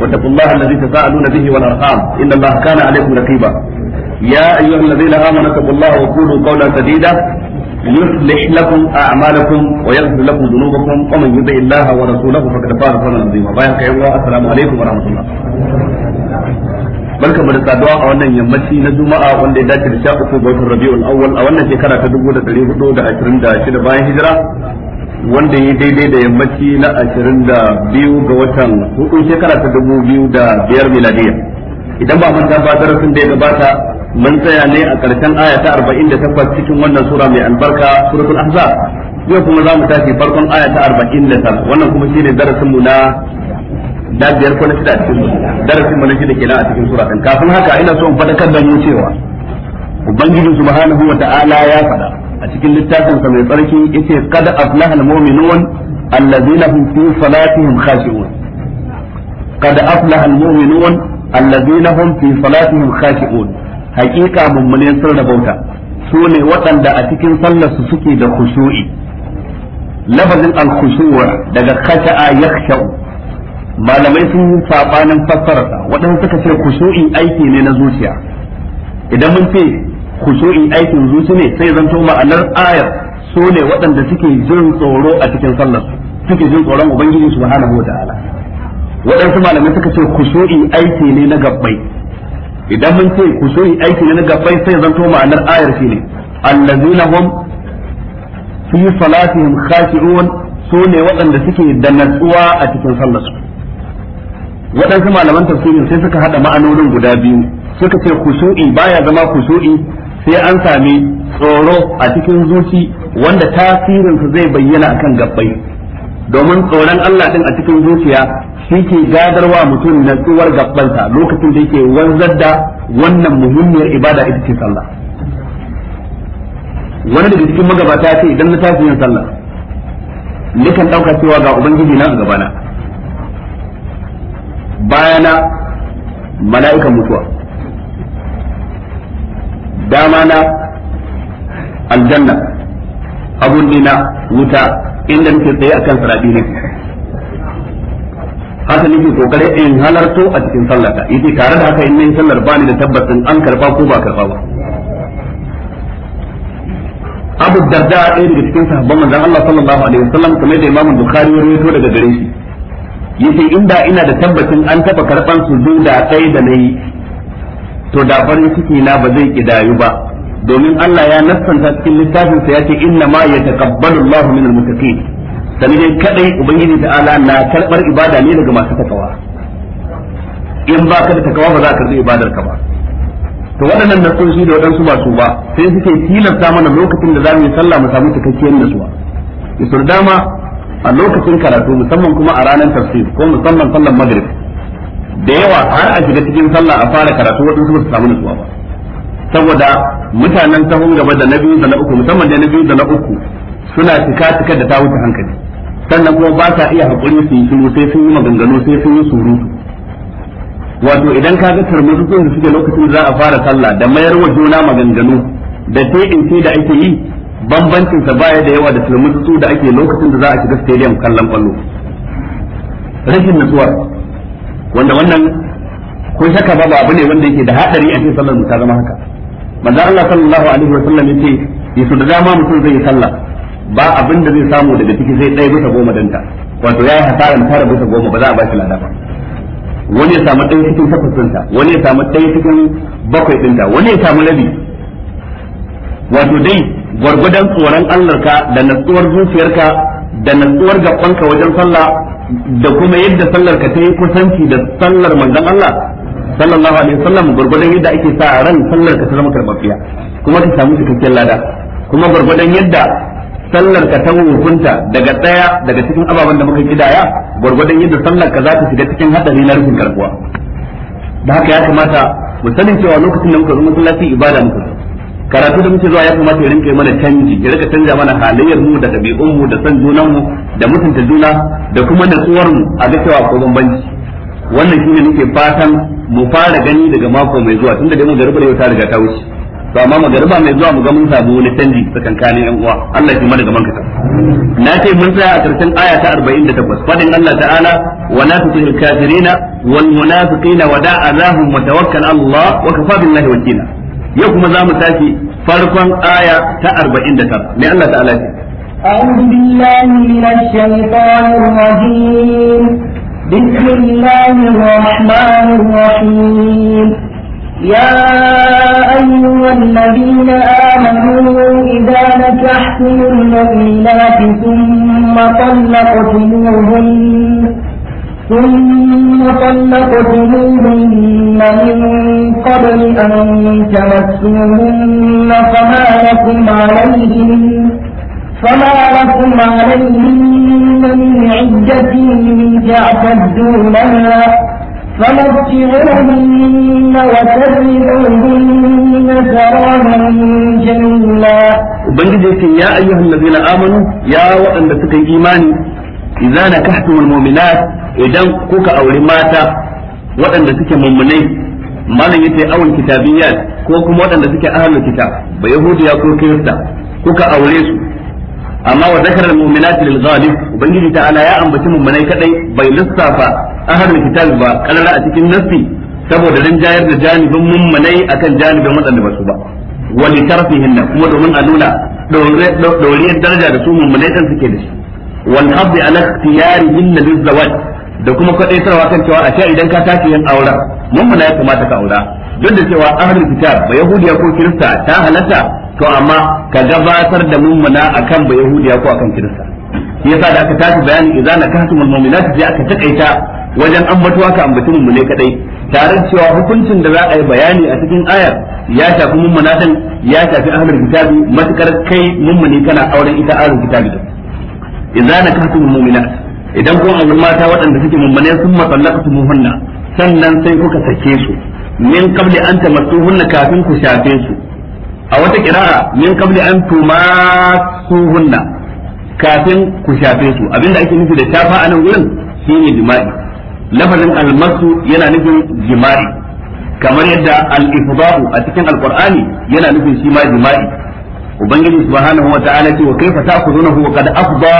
واتقوا الله الذي تساءلون به والارحام ان الله كان عليكم رقيبا يا ايها الذين امنوا اتقوا الله وقولوا قولا سديدا يصلح لكم اعمالكم ويغفر لكم ذنوبكم ومن يطع الله ورسوله فقد فاز فوزا عظيما بارك الله السلام عليكم ورحمه الله barka mu da saduwa a wannan yammaci na juma'a wanda ya dace da 13 ga watan rabiul awwal a wannan shekara ta 1426 bayan hijira wanda ya daidai da yammaci na ashirin da biyu ga watan hudu shekara ta dubu biyu da biyar miladiya idan ba manta ba darasin da ya gabata mun tsaya ne a ƙarshen aya ta arba'in da takwas cikin wannan sura mai albarka suratul ahza. yau kuma za mu tashi farkon aya ta arba'in da tara wannan kuma shine darasin mu na da biyar ko na shida a cikin darasin mu na shida kenan a cikin sura kafin haka ina so in faɗakar da mu cewa ubangiji subhanahu wa ta'ala ya faɗa a cikin littafin sa mai tsarki yace qad aflaha almu'minun allazina hum fi salatihim khashi'un qad aflaha almu'minun allazina hum fi salatihim khashi'un haqiqa mummune sun rabauta su ne waɗanda a cikin sallar su suke da khushu'i lafazin al-khushu'a daga khasha'a yakhsha'u malamai sun yi sabanin fassararsa waɗanda suka ce khushu'i aiki ne na zuciya idan mun ce khushu'i aikin zuci ne sai zan zanto ma'anar ayar su ne waɗanda suke jin tsoro a cikin sallar suke jin tsoron ubangiji subhanahu wataala waɗansu malamai suka ce khushu'i aiki ne na gabbai idan mun ce khushu'i aiki ne na gabbai sai zan zanto ma'anar ayar shi shine allazina hum fi salatihim khashi'un su ne waɗanda suke da natsuwa a cikin sallar su waɗansu malaman tafsirin sai suka hada ma'anonin guda biyu suka ce khushu'i baya zama khushu'i sai an sami tsoro a cikin zuci wanda tasirinsa zai bayyana akan gabbai domin tsoron Allah din a cikin zuciya shi ke wa mutum na tsuwar gabbansa lokacin da yake wanzar da wannan muhimmiyar ibada ita ce sallah wani daga cikin magabata ce idan na tashi yin sallah nikan dauka cewa ga ubangiji na a gabana bayana mala'ikan mutuwa dama na aljanna abun dina wuta inda nake tsaye kan sarabi ne haka nake kokare in halarto a cikin sallata yace tare da haka in nayi sallar bani da tabbacin an karba ko ba karba ba Abu Darda ɗaya daga cikin sahabban manzon Allah sallallahu alaihi wasallam kamar da Imam Bukhari ya rawaito daga gare shi yace inda ina da tabbacin an taba karban su da ɗaya da nayi to da farin ciki na ba zai kidayu ba domin Allah ya nassanta cikin littafin sa yace inna ma yataqabbalu Allahu minal muttaqin sanin dai kadai ubangiji ta'ala na karbar ibada ne daga masu takawa in ba ka da takawa ba za ka karbi ibadar ka ba to waɗannan nasoshi da waɗansu ba su ba sai suke tilasta mana lokacin da za mu yi sallah mu samu cikakkiyar nasuwa isur dama a lokacin karatu musamman kuma a ranar tafsir ko musamman sallar maghrib da yawa har a shiga cikin sallah a fara karatu waɗansu ba su samu nutsuwa ba saboda mutanen sahun gaba da na biyu da na uku musamman da na biyu da na uku suna cika cika da ta wuce hankali sannan kuma ba sa iya haƙuri su yi shiru sai sun yi maganganu sai sun yi surutu wato idan ka ga tarmutsun da suke lokacin da za a fara sallah da mayar wa juna maganganu da sai in ce da ake yi bambancin sa baya da yawa da tarmutsu da ake lokacin da za a shiga stadium kallon kwallo rashin nutsuwa wanda wannan ko shaka ba abu ne wanda yake da hadari a cikin sallar mu ta zama haka manzo Allah sallallahu alaihi wa sallam yace yaso da dama mutum zai sallah ba abin da zai samu daga ciki zai ɗaya bisa goma danta wato yayi hasaran tara bisa goma ba za a ba shi lada ba wani ya samu ɗaya cikin takwas ɗinta wani ya samu ɗaya cikin bakwai ɗinta wani ya samu rabi wato dai gwargwadon tsoron Allah ka da natsuwar zuciyarka da natsuwar gabanka wajen sallah da kuma yadda sallar ka ta yi kusanci da sallar manzon Allah sallallahu alaihi wasallam gurgurdan yadda ake sa ran sallar ka ta zama karbafiya kuma ka samu cikakken lada kuma gurgurdan yadda sallar ka ta hukunta daga daya daga cikin ababen da muka kidaya gurgurdan yadda sallar ka za ta shiga cikin hadari na rufin karbuwa da haka ya kamata mu sanin cewa lokacin da muka zo masallaci ibada muka karatu da muke zuwa ya kamata ya rinka mana canji ya rika canja mana halayyar mu da ɗabi'un mu da san junan mu da mutunta juna da kuma natsuwar mu a ga cewa ko bambanci wannan shine nake fatan mu fara gani daga mako mai zuwa tunda dai magariba yau ta riga ta wuce to amma magariba mai zuwa mu ga mun samu wani canji tsakankanin yan uwa Allah ya mana gaban kasa na ce mun tsaya a karshen aya ta 48 fadin Allah ta'ala wa la tusil kafirina wal munafiqina wa da'a lahum wa tawakkal Allah wa kafa billahi wakila yau kuma za mu tashi farkon aya ta 49 mai Allah ta'ala ce أعوذ بالله من الشيطان الرجيم بسم الله الرحمن الرحيم يا أيها الذين آمنوا إذا نكحتم المؤمنات ثم طلقتموهن ثم طلقتموهن من قبل أن تمسوهن فما لكم عليهن فما لكم عليهن من عدة تعتدونها فمتعوهن وسرعوهن سراما جميلا. وبنجد يا أيها الذين آمنوا يا وأن تكن إيماني idza nakahtumul mu'minat idan kuka auri mata waɗanda suke mummunai malam yace awon kitabiyyat ko kuma waɗanda suke ahlul kitab ba yahudiya ko kirista kuka aure su amma wa zakara almu'minat lil ghalib ubangiji ta'ala ya ambaci mummunai kadai bai lissafa ahlul kitab ba kalala a cikin nassi saboda rinjayar da janibin mummunai akan janibin waɗanda ba su ba wa li tarfihinna kuma domin a nuna dauriyar daraja da su mummunai kan suke da shi wal haddi ala ikhtiyarihin lizawaj da kuma kwadaitarwa kan cewa a sha idan ka tashi yin aure mummuna ya kamata ka aura duk da cewa ahlul kitab ba yahudiya ko kirista ta halatta to amma ka gabatar da mummuna akan ba yahudiya ko akan kirista yasa da aka tashi bayani idan nakahtumul mu'minat sai aka takaita wajen ambatuwa ka ambaci mummune kadai tare da cewa hukuncin da za a yi bayani a cikin ayar ya shafi mummunatan ya shafi ahlul kitabi matukar kai mummuni kana auren ita ahlul kitabi da idza nakahtumul mu'minat idan kun auri mata waɗanda suke mummane sun hunna sannan sai kuka sake su min qabli an tamattuhunna kafin ku shafe su a wata kira'a min qabli an hunna kafin ku shafe su abinda ake nufi da shafa a nan gurin shine jima'i lafazin almasu yana nufin jima'i kamar yadda al-ifda'u a cikin alqur'ani yana nufin shi ma jima'i ubangiji subhanahu wa ta'ala ce wa kaifa ta'khudunahu wa qad afda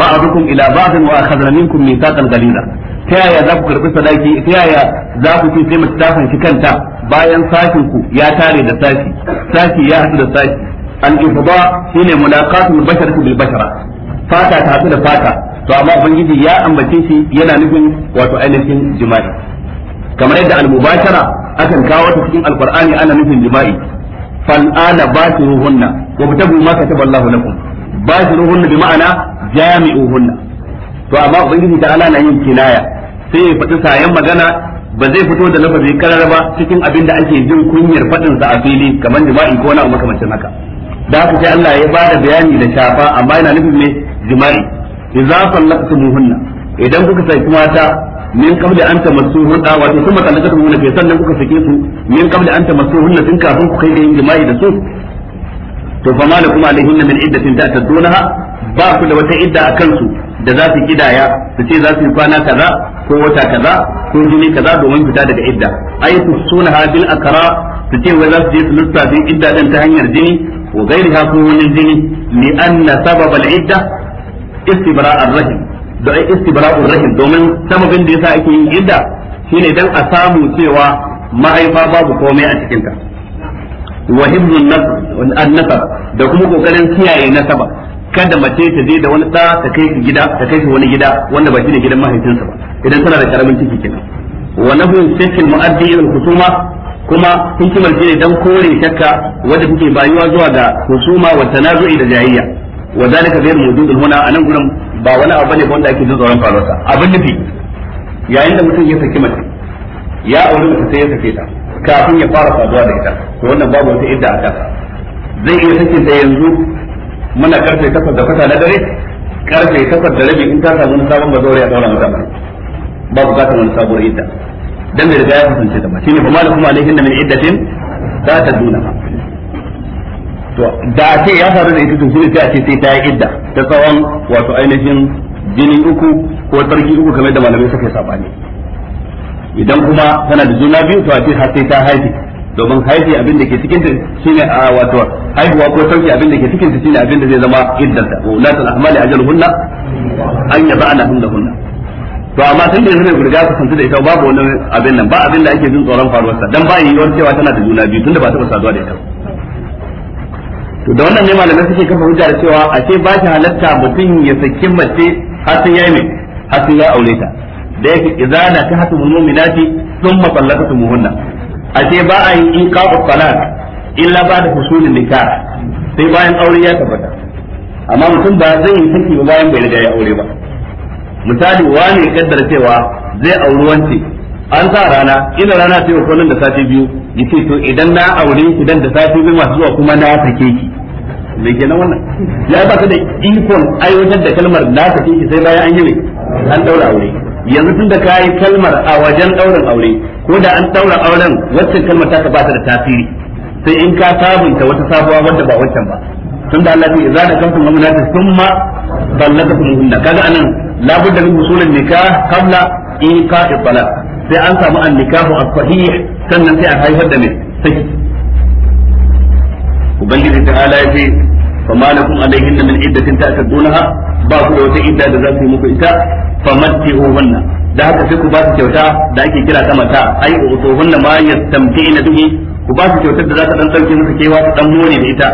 ba'dukum ila ba'din wa akhadna minkum mithaqan ghalidha ta yaya za ku karbi sadaki ta yaya za ku ci sai mutafan shi kanta bayan sashin ku ya tare da saki. Saki ya hadu da sashi an ifda shine mulaqatul basharati bil bashara fata ta hadu da fata to amma ubangiji ya ambace shi yana nufin wato ainihin jima'i kamar yadda al-mubashara akan kawo ta cikin alqur'ani ana nufin jima'i fal ana hunna wa batabu ma kataba Allah lakum bashiruhunna bi ma'ana jami'uhunna to amma ubangiji ta ala na yin kinaya sai ya faɗi sayan magana ba zai fito da lafazi karar ba cikin abin da ake jin kunyar faɗinsa a fili kamar jima'i ko wani makamancin haka da haka sai Allah ya ba da bayani da shafa amma yana nufin ne jima'i idza sallaqtumuhunna idan kuka saki mata min qabli an tamassuhunna wato kuma talaqatuhunna fi sannan kuka sake su min qabli an tamassuhunna tun kafin ku kai ga yin da su to fa malakum alaihinna min iddatin da ta dunaha ba ku da wata idda a kansu da za su kidaya su ce za su yi kwana kaza ko wata kaza ko jini kaza domin fita daga idda ai su suna bil akara su ce wai za su je su lissafi idda din ta hanyar jini ko gairi ha ko wani jini li anna sababal idda istibra ar-rahim da ai istibra'ur rahim domin sababin da yasa ake yin idda shine dan a samu cewa mahaifa babu komai a cikin ta wa hibzun nasab da kuma kokarin kiyaye nasaba kada mace ta je da wani ɗa ta kai shi gida ta kai shi wani gida wanda ba shine gidan mahaifinsa ba idan tana da karamin ciki kenan wa nahyu shakil mu'addi ila husuma kuma hikimar shine dan kore shakka wanda kuke bayuwa zuwa ga husuma wa tanazu'i da jayayya wa zalika ghayr mawjudun huna anan gurin ba wani abu ne wanda ake jin tsoron faruwarsa abin nufi yayin da mutum ya saki mace ya auri mace sai ya sake ta kafin ya fara saduwa da ita to wannan babu wata idda a kansa zai iya saki ta yanzu muna karfe takwas da fata na dare karfe takwas da rabi in ta samu wani sabon bazore a daura mata ba bukatar wani sabuwar idda dan da riga ya kasance ta ba shine fa ne hinna min iddatin ta ta taduna to da a ce ya faru da ita to sai a ce sai ta yi idda ta tsawon wato ainihin jini uku ko tsarki uku kamar da malamai suka yi sabani idan kuma tana da juna biyu to a ce har sai ta haifi domin haifi abin da ke cikin ta shine a wato haihuwa ko sauki abin da ke cikin ta shine abin da zai zama iddanta wa ulatul ahmali ajaluhunna an yaba'ana hunna to amma sai da zai riga ka kanta da ita babu wani abin nan ba abin da ake jin tsoron faruwar sa dan ba yi yiwuwar cewa tana da juna biyu tunda ba ta saduwa da ita ba to da wannan ne malamai suke kafa hujja da cewa a ce ba shi halatta mutum ya saki mace har sai yayi mai har sai ya aure ta da yake idza na tahtu mu'minati thumma muhunna a ce ba a yi iqa'u talaq illa ba da husulin nikah sai bayan aure ya tabbata amma mutum ba zai yi saki ba bayan bai riga ya aure ba misali wani ya kaddara cewa zai auri wance an sa rana ina rana sai ko nan da sati biyu yace to idan na aure idan da sati biyu masu zuwa kuma na sake ki me kenan wannan ya ba ta da ikon aiwatar da kalmar da ta ce sai bayan an yi ne an daura aure yanzu tun da ka yi kalmar a wajen daurin aure ko da an daura auren wacce kalmar ta ba ta da tasiri sai in ka sabunta wata sabuwa wadda ba wancan ba tun da Allah ya zada kanku mamunata summa ballagatum hunna kaga anan labudda min usulin nikah qabla iqa'i talaq sai an samu an nikahu as-sahih sannan sai a haifar da mai saki ubangiji ta ala ya ce فما لكم عليهن من عدة تعتدونها باكو wata idda da za su yi muku ita famatti'uhunna da haka sai ku ba su kyauta da ake kira ta mata ai utuhunna ma na bihi ku ba su kyautar da za ta dan dauke musu kewa ta dan more da ita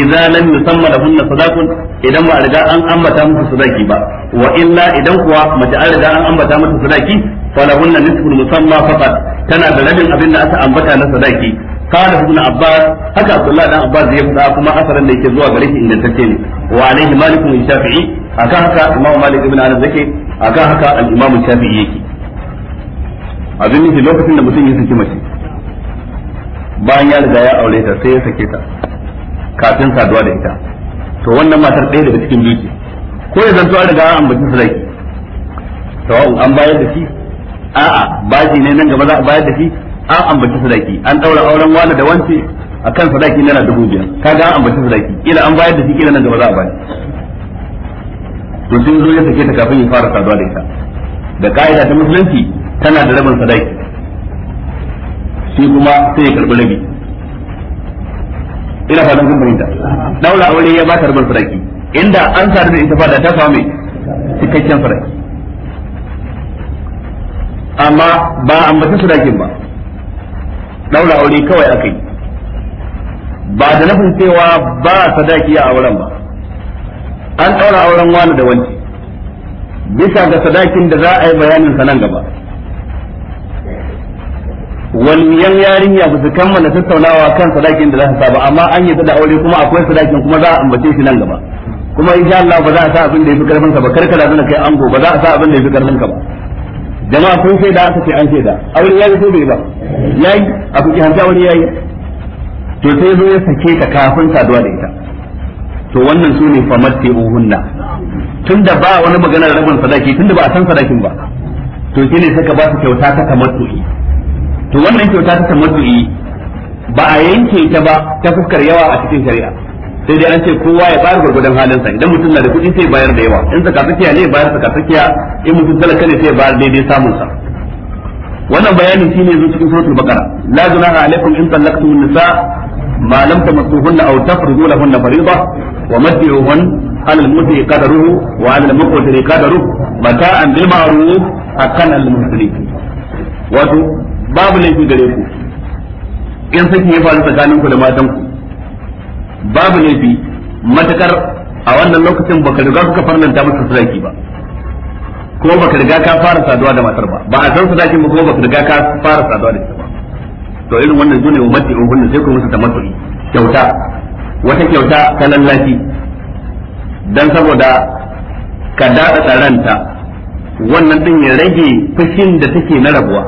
idza lam yusamma lahunna sadaqun idan ba riga an ambata musu sadaki ba wa illa idan kuwa mace an riga an ambata musu sadaki falahunna nisful musamma faqat tana da rabin abin da aka ambata na sadaki قال ابن عباس هكا عبد الله بن عباس يبدا كما اثرن da yake zuwa gare shi inda take ne wa alaihi malik bin shafi'i aka haka imam malik ibn anas yake aka haka al imam shafi'i yake abin nufi lokacin da mutum ya saki mace bayan ya riga ya aure ta sai ya sake ta kafin saduwa da ita to wannan matar ɗaya daga cikin biyu ko ya zanto an riga an ambaci sadaki to an bayar da shi a'a baji ne nan gaba za a bayar da shi an ambaci sadaki an daura auren wani da wance akan sadaki naira dubu biyar kaga an ambaci sadaki ila an bayar da shi kila nan gaba za a bani to sun zo ya sake ta kafin ya fara saduwa da ita da ka'ida ta musulunci tana da rabin sadaki shi kuma sai ya karbi rabi ina fatan kun fahimta daura aure ya ba ta rabin sadaki inda an sadu da ita fada ta samu cikakken sadaki amma ba an ambaci sadakin ba daura aure kawai aka yi ba da nufin cewa ba sadaki a auren ba an daura auren wani da wani bisa ga sadakin da za a yi bayanin sa nan gaba waliyan yarinya ba su kammala tattaunawa kan sadakin da za su sa ba amma an yi da aure kuma akwai sadakin kuma za a ambace shi nan gaba kuma insha Allah ba za a sa abin da yafi karfin ka ba karkala zuna kai ango ba za a sa abin da yafi karfin ka ba jama'a sun sai da aka ce an sai da aure yayi ko bai ba yayi a kuke hanta wani yayi to sai zo ya sake ta kafin saduwa da ita to wannan su ne famatti uhunna tunda ba wani magana da rabin sadaki tunda ba a san sadakin ba to shi ne saka ba su kyauta ta tamattu'i to wannan kyauta ta tamattu'i ba a yanke ta ba ta fuskar yawa a cikin shari'a sai dai an ce kowa ya bayar gurgudan halinsa idan mutum na da kuɗi sai bayar da yawa in zaka tsakiya ne bayar zaka tsakiya in mutum talaka ne sai bayar daidai samun sa wannan bayanin shine yanzu cikin suratul baqara la junaha alaikum in talaqtum nisa ma lam tamassuhunna aw tafridu lahunna fariida wa matti'uhun ala al-muti qadaruhu wa ala al-muqtari qadaruhu mata'an bil ma'ruf akan al-muslimin wato babu laifi gare ku in saki ya faru tsakaninku da matanku babu laifi matakar a wannan lokacin baka riga kuka farnanta masa sadaki ba ko baka riga ka fara saduwa da matar ba ba a san sadakin ba ko baka riga ka fara saduwa da ita ba to irin wannan zune ummati in hunna sai ku musu tamattu'i kyauta wata kyauta ta lallaci dan saboda ka dada taranta wannan din ya rage fushin da take na rabuwa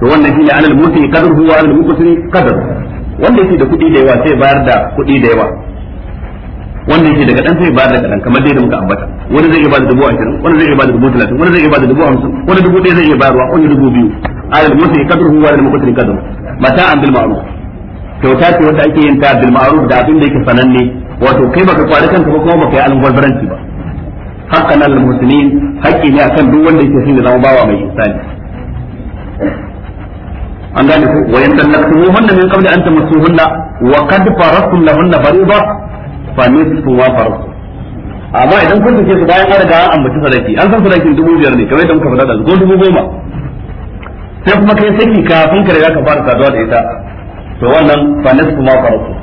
to wannan shine alal muti qadruhu wa alal muqsiri kadar. wanda yake da kuɗi da yawa sai bayar da kuɗi da yawa wanda yake da kaɗan sai bayar da kaɗan kamar dai da muka ambata wani zai iya bada dubu ashirin wani zai iya bada dubu talatin wani zai iya bada dubu hamsin wani dubu ɗaya zai iya bayarwa wani dubu biyu alal ya kadruhu huwa lil muqtari kadru mata an bil ma'ruf kyauta ce wanda ake yin ta bil ma'ruf da abin da yake sananne wato kai baka kwari kanka ba kuma baka yi almubazzaranci ba haqqan al muhsinin haƙƙi ne akan duk wanda yake son da zama bawa mai isani an gane ku wa yan wannan min kabla an hunna wa kad faradtum lahunna fariida fa nisfu wa faradtum amma idan kun take su bayan an riga an ambaci sadaki an san sadakin dubu biyar ne kamar yadda muka faɗa da go dubu goma sai kuma kai saki kafin ka riga ka fara saduwa da ita to wannan fa nisfu ma faradtum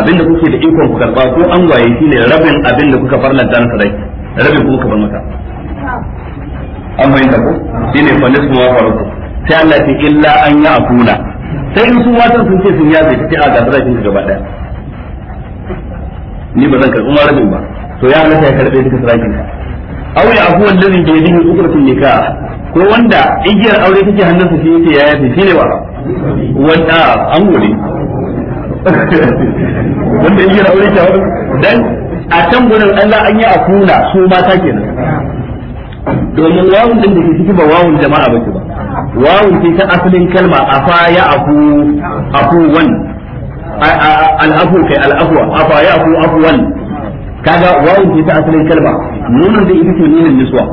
abinda kuke da ikon ku karba ko an waye shi ne rabin abinda kuka farlanta na sadaki rabin kuma ka bar mata an fahimta ku shine fa nisfu ma faradtum sai Allah ce illa an ya akuna sai in su matan sun ce sun yafe ta a gasar shi gaba daya ni ba zan karɓi marabin ba to ya halatta ya karɓe duka sarakin ka aw ya da ladin da yadihi ukratun nikah ko wanda igiyar aure take hannunsa shi yake ya yafe shine wa wanda an gode wanda igiyar aure ta dan a can gurin Allah an yi akuna su mata kenan domin wawun din da ke ciki ba wawun jama'a bace ba wawun ce ta asalin kalma afa ya afu kai afa ya afu kaga wawun ce ta asalin kalma nunun da ita ce ne niswa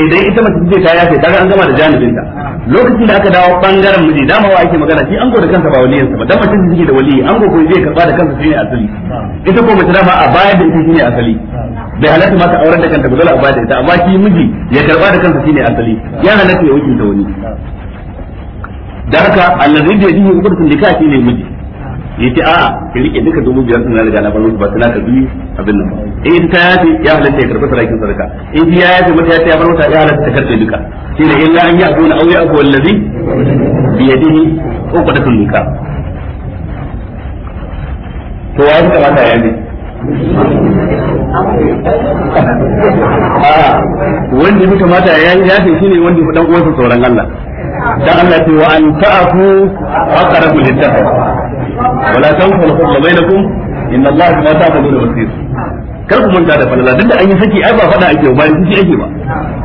idan ita mace ce ta yafe kaga an gama da ta lokacin da aka dawo bangaren miji dama wa ake magana shi an da kansa ba wani yansa ba dan mace take da an go ko zai karba da kansa shine asali ita ko mace dama a baya da ita shine asali bai halatta ma ta auren da kanta ba dole a baya da ita amma shi miji ya karba da kansa shine asali ya halatta ya ta wani da haka allazi da yake hukuncin da kashi ne miji yace a ki rike duka dubu biyar din na riga na bar ba tana na abin nan in ta yafi ya halatta ya karɓa sarakin sadaka in ya yafi mata ya ya bar mata ya halatta ta karbe duka shi ne illa an ya'fu na awya afu allazi bi yadihi uqdatun duka to ya kamata ya yi wanda ya kamata ya yi ya shi ne wanda ya dan uwansa tsoron Allah dan Allah ce wa an ta'afu aqrabu lit-taqwa wala tanfa'u al-fadla bainakum inna Allah bima ta'maluna basir kar ku manta da falala duk da an yi saki ai ba fada ake ba rikici ake ba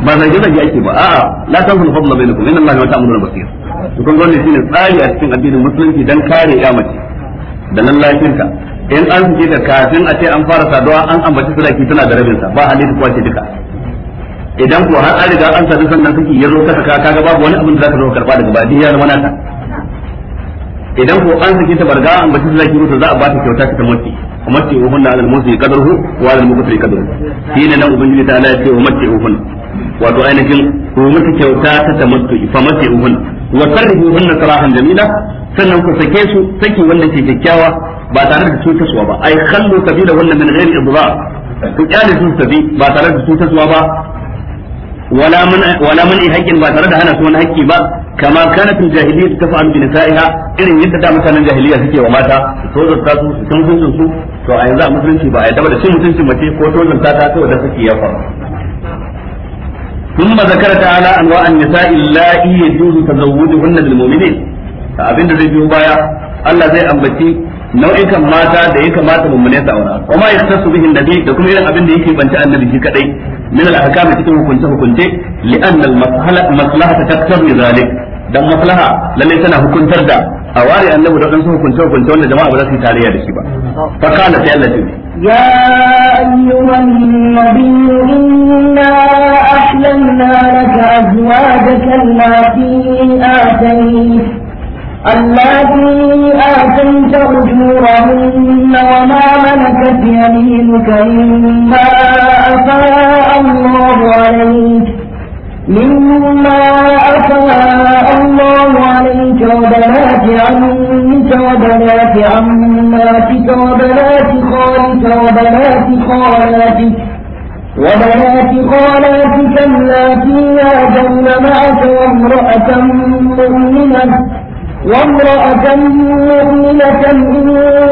ba zage zage ake ba a'a la tanfa'u al-fadla bainakum inna Allah bima ta'maluna basir to kun gwamnati shine tsari a cikin addinin musulunci dan kare ya mace da ka. in an ji da kafin a ce an fara saduwa an ambaci sadaki tana da sa ba halittu ko ce duka idan ko har an riga an sadu sannan kake yaro zo ka ga kaga babu wani abin da zaka zo karba daga badi ya zama naka idan ko an sake ta barga an bata zaki ruta za a ba ta kyauta ta mutti matti uhun da alal musi qadruhu wa alal muqtari kadarhu. shi ne nan ubangiji ta Allah ya ce matti uhun wato ainihin ko mutu kyauta ta ta tamattu fa matti uhun wa sarrihu hunna sarahan jamila sannan ku sake su saki wanda ke kyakkyawa ba tare da cutarwa ba ai khallu sabila wannan min ghairi idra ku kyale su sabi ba tare da cutarwa ba wala man wala man hakkin ba tare da hana su wani hakki ba kama kanat al-jahiliyyah taf'al bi nisa'iha irin yadda da mutanen jahiliya suke wa mata to zanta su su san to a yanzu a musulunci ba a yadda da cin mutuncin mace ko to zanta ta saboda suke ya faru ثم ذكر تعالى انواع النساء اللائي يجوز تزوجهن للمؤمنين abinda zai biyo baya Allah zai ambaci nau'ikan mata da ya kamata mummune su aura wa ma yaktasu bihin nabi da kuma irin abin da yake banta annabi shi kadai min al cikin hukunce hukunce li anna maslahata dan maslaha lalle tana hukuntar da a ware annabi da wadansu hukunce hukunce wanda jama'a ba za su yi tarayya da shi ba fa kana sai Allah ce ya ayyuhan nabiyyu inna ahlalna laka azwajaka allati atayt التي آتيت أجورهن وما ملكت يمينك مما أفاء الله عليك مما أفاء الله عليك وبنات عمك وبنات عماتك وبنات خالك وبنات خالاتك وبنات خالاتك اللاتي هاجرن معك وامرأة مؤمنة وامرأة مؤمنة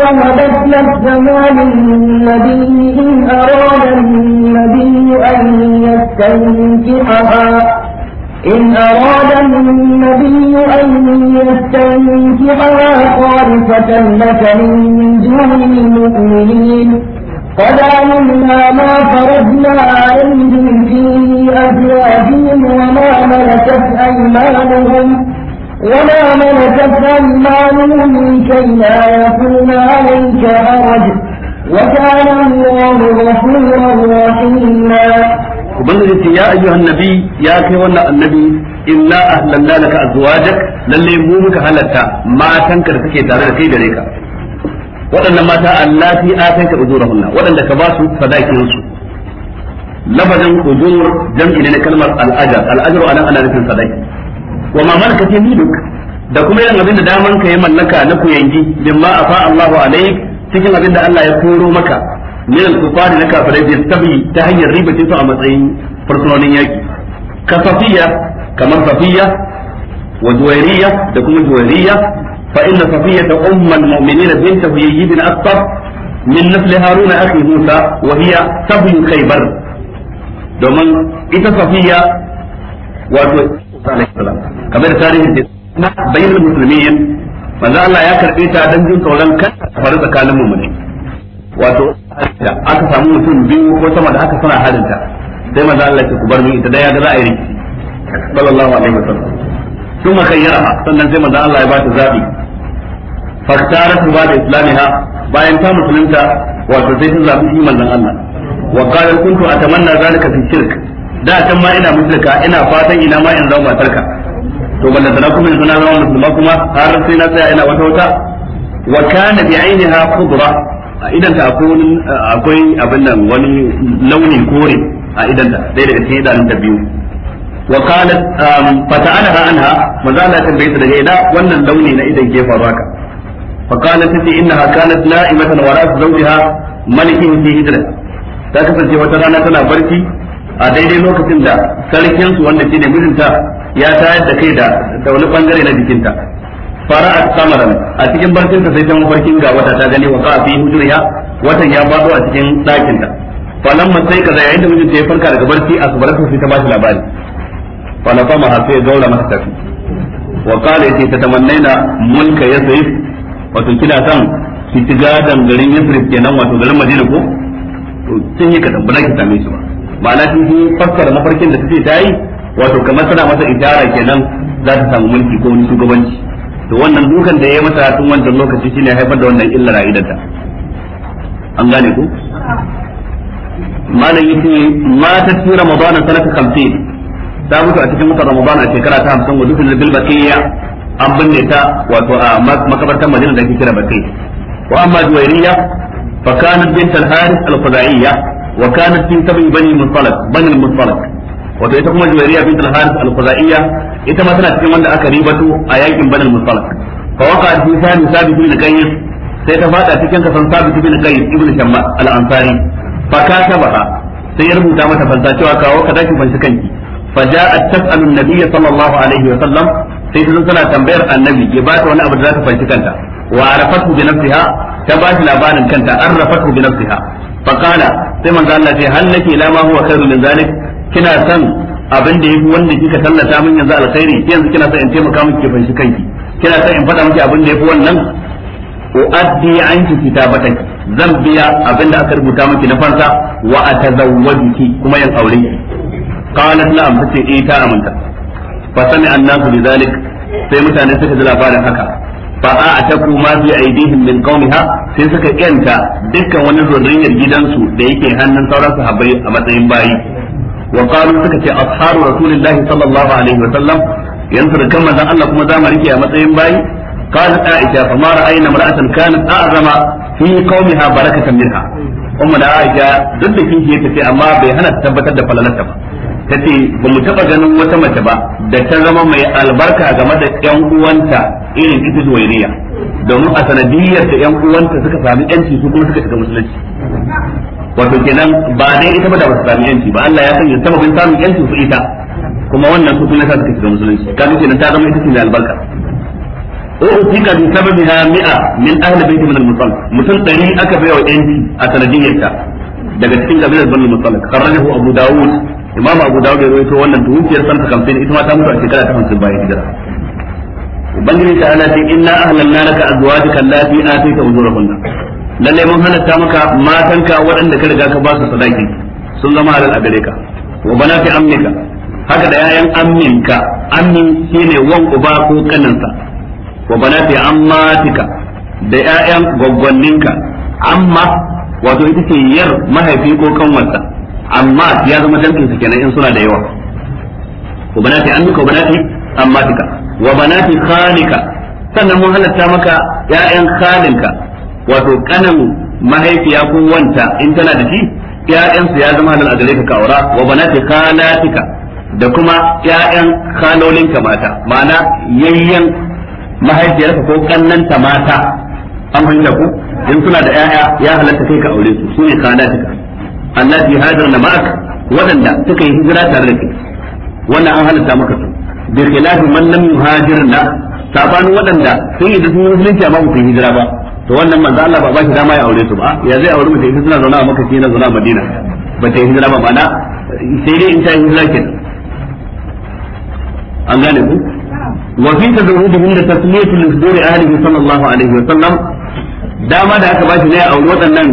وهبت نفسها للنبي إن أراد النبي أن يستنكحها إن أراد النبي أن يستنكحها خالصة لك من دون المؤمنين قد علمنا ما فرضنا عليهم في أزواجهم وما ملكت أيمانهم وما ملكت أيمانهم كي لا يكون عليك حرج وكان الله غفورا رحيما ubangiji ce ya ayyuhan nabi ya kai wannan annabi inna ahlanna laka azwajak lalle mu muka halatta matanka da suke tare da kai gare ka waɗannan mata allati atayka ujurahunna waɗanda ka basu su sadakin su lafazin ujur jam'i ne na kalmar al'ajar al'ajaru anan ana nufin sadaki wa ma malakat yaminuk da kuma yan abin da daman ka ya mallaka na kuyangi bimma afa Allahu alaik cikin abin da Allah ya koro maka ne al-kufari na kafirai bi tabi ta hanyar riba su a matsayin fursunonin yaki kasafiya kamar safiya wa juwairiya da kuma juwairiya fa inna ta ummul mu'minina binta huyayy ibn asfar min nafl haruna akhi musa wa hiya tabi khaybar domin ita safiya wato sallallahu alaihi wasallam kamar tarihin da bayyana musulmin manzo Allah ya karbe ta dan jin tsoron kan faru tsakanin mu ne wato aka samu mutum biyu ko sama da aka suna ta. sai manzo Allah ya ku bar mu ita da ya ga za a yi sallallahu alaihi wasallam ثم خيرها sannan sai manzo Allah ya bata zabi faktarat ba da islamiha bayan ta musulunta wato sai ta zabi iman nan Allah wa qala kuntu atamanna zalika fi shirk da tan ma ina mushrika ina fatan ina ma in zama matarka to wannan da kuma yanzu na zama musulma kuma har sai na tsaya ina wata wata wa kana bi ainiha khudra a idan ta akwai akwai abin nan wani launin kore a idan ta daidai da cikin idanun ta biyu wa ana um, fata'alaha anha maza Allah tambaye ta da ina wannan launi na idan gefen raka fa qalat ta innaha kanat na'imatan wa ra'at zawjiha malikin fi hijra ta kasance wata rana tana barci a daidai lokacin da sarkin su wanda shine mijinta ya tayar da kai da da wani bangare na jikinta fara'at samaran a cikin barcin ta sai ta mafarkin ga wata ta gani wa qafi hujuriya watan ya bado a cikin dakin ta falan man sai kaza yayin da ta ya farka daga barci a subaratu sai ta bashi labari fala fama har sai zaura masa tafi wa qala yati tatamannaina mulka sai wato kina san ki tiga dangarin yasrib kenan wato garin madina ko to sun yi kadan ba ki same shi ba ma'ana shi shi fassara mafarkin da take tayi wato kamar tana masa ijara kenan za ta samu mulki ko wani shugabanci to wannan dukan da ya mata tun wancan lokaci shine haifar da wannan illar a ta an gane ku malam yace ma ta fi ramadan sanata 50 ta mutu a cikin watan ramadan a shekara ta hamsin wa dukkan bil baqiya an binne ta wato a makabartar madina da ake kira bakai wa amma juwairiya fa kanat bint al-harith al wa kanat min tabi bani musalak bani wato ita kuma juwairiya bint al-haris al-khuzaiya ita ma tana cikin wanda aka ribatu a yakin bani musalak fa waqa fi sami sabit bin qayyim sai ta fada cikin kasan sabit bin qayyim ibn shamma al-ansari fa kashabaha sai ya rubuta mata fansa cewa kawo ka dashi fansa kanki fa ja'at tas'alu an-nabiy sallallahu alaihi wa sallam sai ta tana tambayar annabi ya ba ta wani abu da za ta fansa kanta wa arafatu bi nafsiha ta ba shi labarin kanta arrafatu bi nafsiha faqala sai manzo Allah ce hal nake ila ma huwa khairu min zalik kina san abin da yafi wanda kika tallata min yanzu alkhairi yanzu kina san in taimaka miki ki fanshi kanki kina san in faɗa miki abin da yafi wannan uaddi anki kitabatan zan biya abin da aka rubuta miki na fansa wa atazawwajuki kuma yan aure ki qalat na'am tace eh ta aminta fa sami annasu bidhalik sai mutane suka ji labarin haka fa a ataku ma fi aidihim min qawmiha sai suka kyanta dukkan wani zurriyar gidansu da yake hannun sauran sahabbai a matsayin bayi wa suka ce asharu rasulillahi sallallahu alaihi wa sallam yansu da kan Allah kuma za mu rike a matsayin bayi qalat aisha fa ma ra'ayna mar'atan kanat a'zama fi qawmiha barakatan minha umma da aisha duk da kin ke tafi amma bai hana tabbatar da falalarta ba ta ce ba mu taɓa ganin wata mace ba da ta zama mai albarka game da ƴan uwanta irin ita juwairiya domin a sanadiyar da ƴan uwanta suka sami ƴanci su kuma suka shiga musulunci wato kenan ba dai ita ba da basu sami ƴanci ba Allah ya sanya sababin samun ƴanci su ita kuma wannan su kuma suka shiga musulunci kaga kenan ta zama ita ce mai albarka أعطيك بسببها مئة من أهل بيت من aka مثل طريقك a sanadiyar ta daga cikin kabilar bani musalak kharrajahu abu dawud imam abu dawud ya rawaito wannan dukiyar san ta kamfe ita ma ta mutu a shekara ta 50 bayan hijira ubangiji ta ala ce inna ahlan naraka azwajaka lati ataita uzurahunna lalle mun halatta maka matan ka waɗanda ka riga ka ba su sadaki sun zama halal a gare ka wa banati amnika haka da yayan amminka ammin shine wan uba ko kaninsa wa banati ammatika da yayan gwaggwanninka amma wato ita ce yar mahaifi ko kanwarta. amma ya zama jam'in su kenan in suna da yawa wa banati annuka wa banati tika wa banati khalika sannan mun halatta maka ya'yan khalinka wato kanan mahaifiya ko wanta in tana da shi su ya zama halal a gare ka aura wa banati khalatika da kuma ya'yan khalolinka mata ma'ana yayyan mahaifiyarka ko kannanta mata an fahimta ku in suna da 'ya'ya ya halatta kai ka aure su sune khalatika allati hajarna ma'aka wadanda suka yi hijira tare da kai wannan an halatta maka su bi khilafi man lam yuhajirna sabanin waɗanda sun yi da sun musulunci amma ba su hijira ba to wannan manzo Allah ba ba shi dama ya aure su ba ya zai aure mutum suna zauna a Makka shi na zauna a Madina ba ta hijira ba mana sai dai in ta hijira kenan an gane ku wa fi tazawwujuhum da tasliyatu li suduri ahlihi sallallahu alaihi wa sallam dama da aka ba shi ne a waɗannan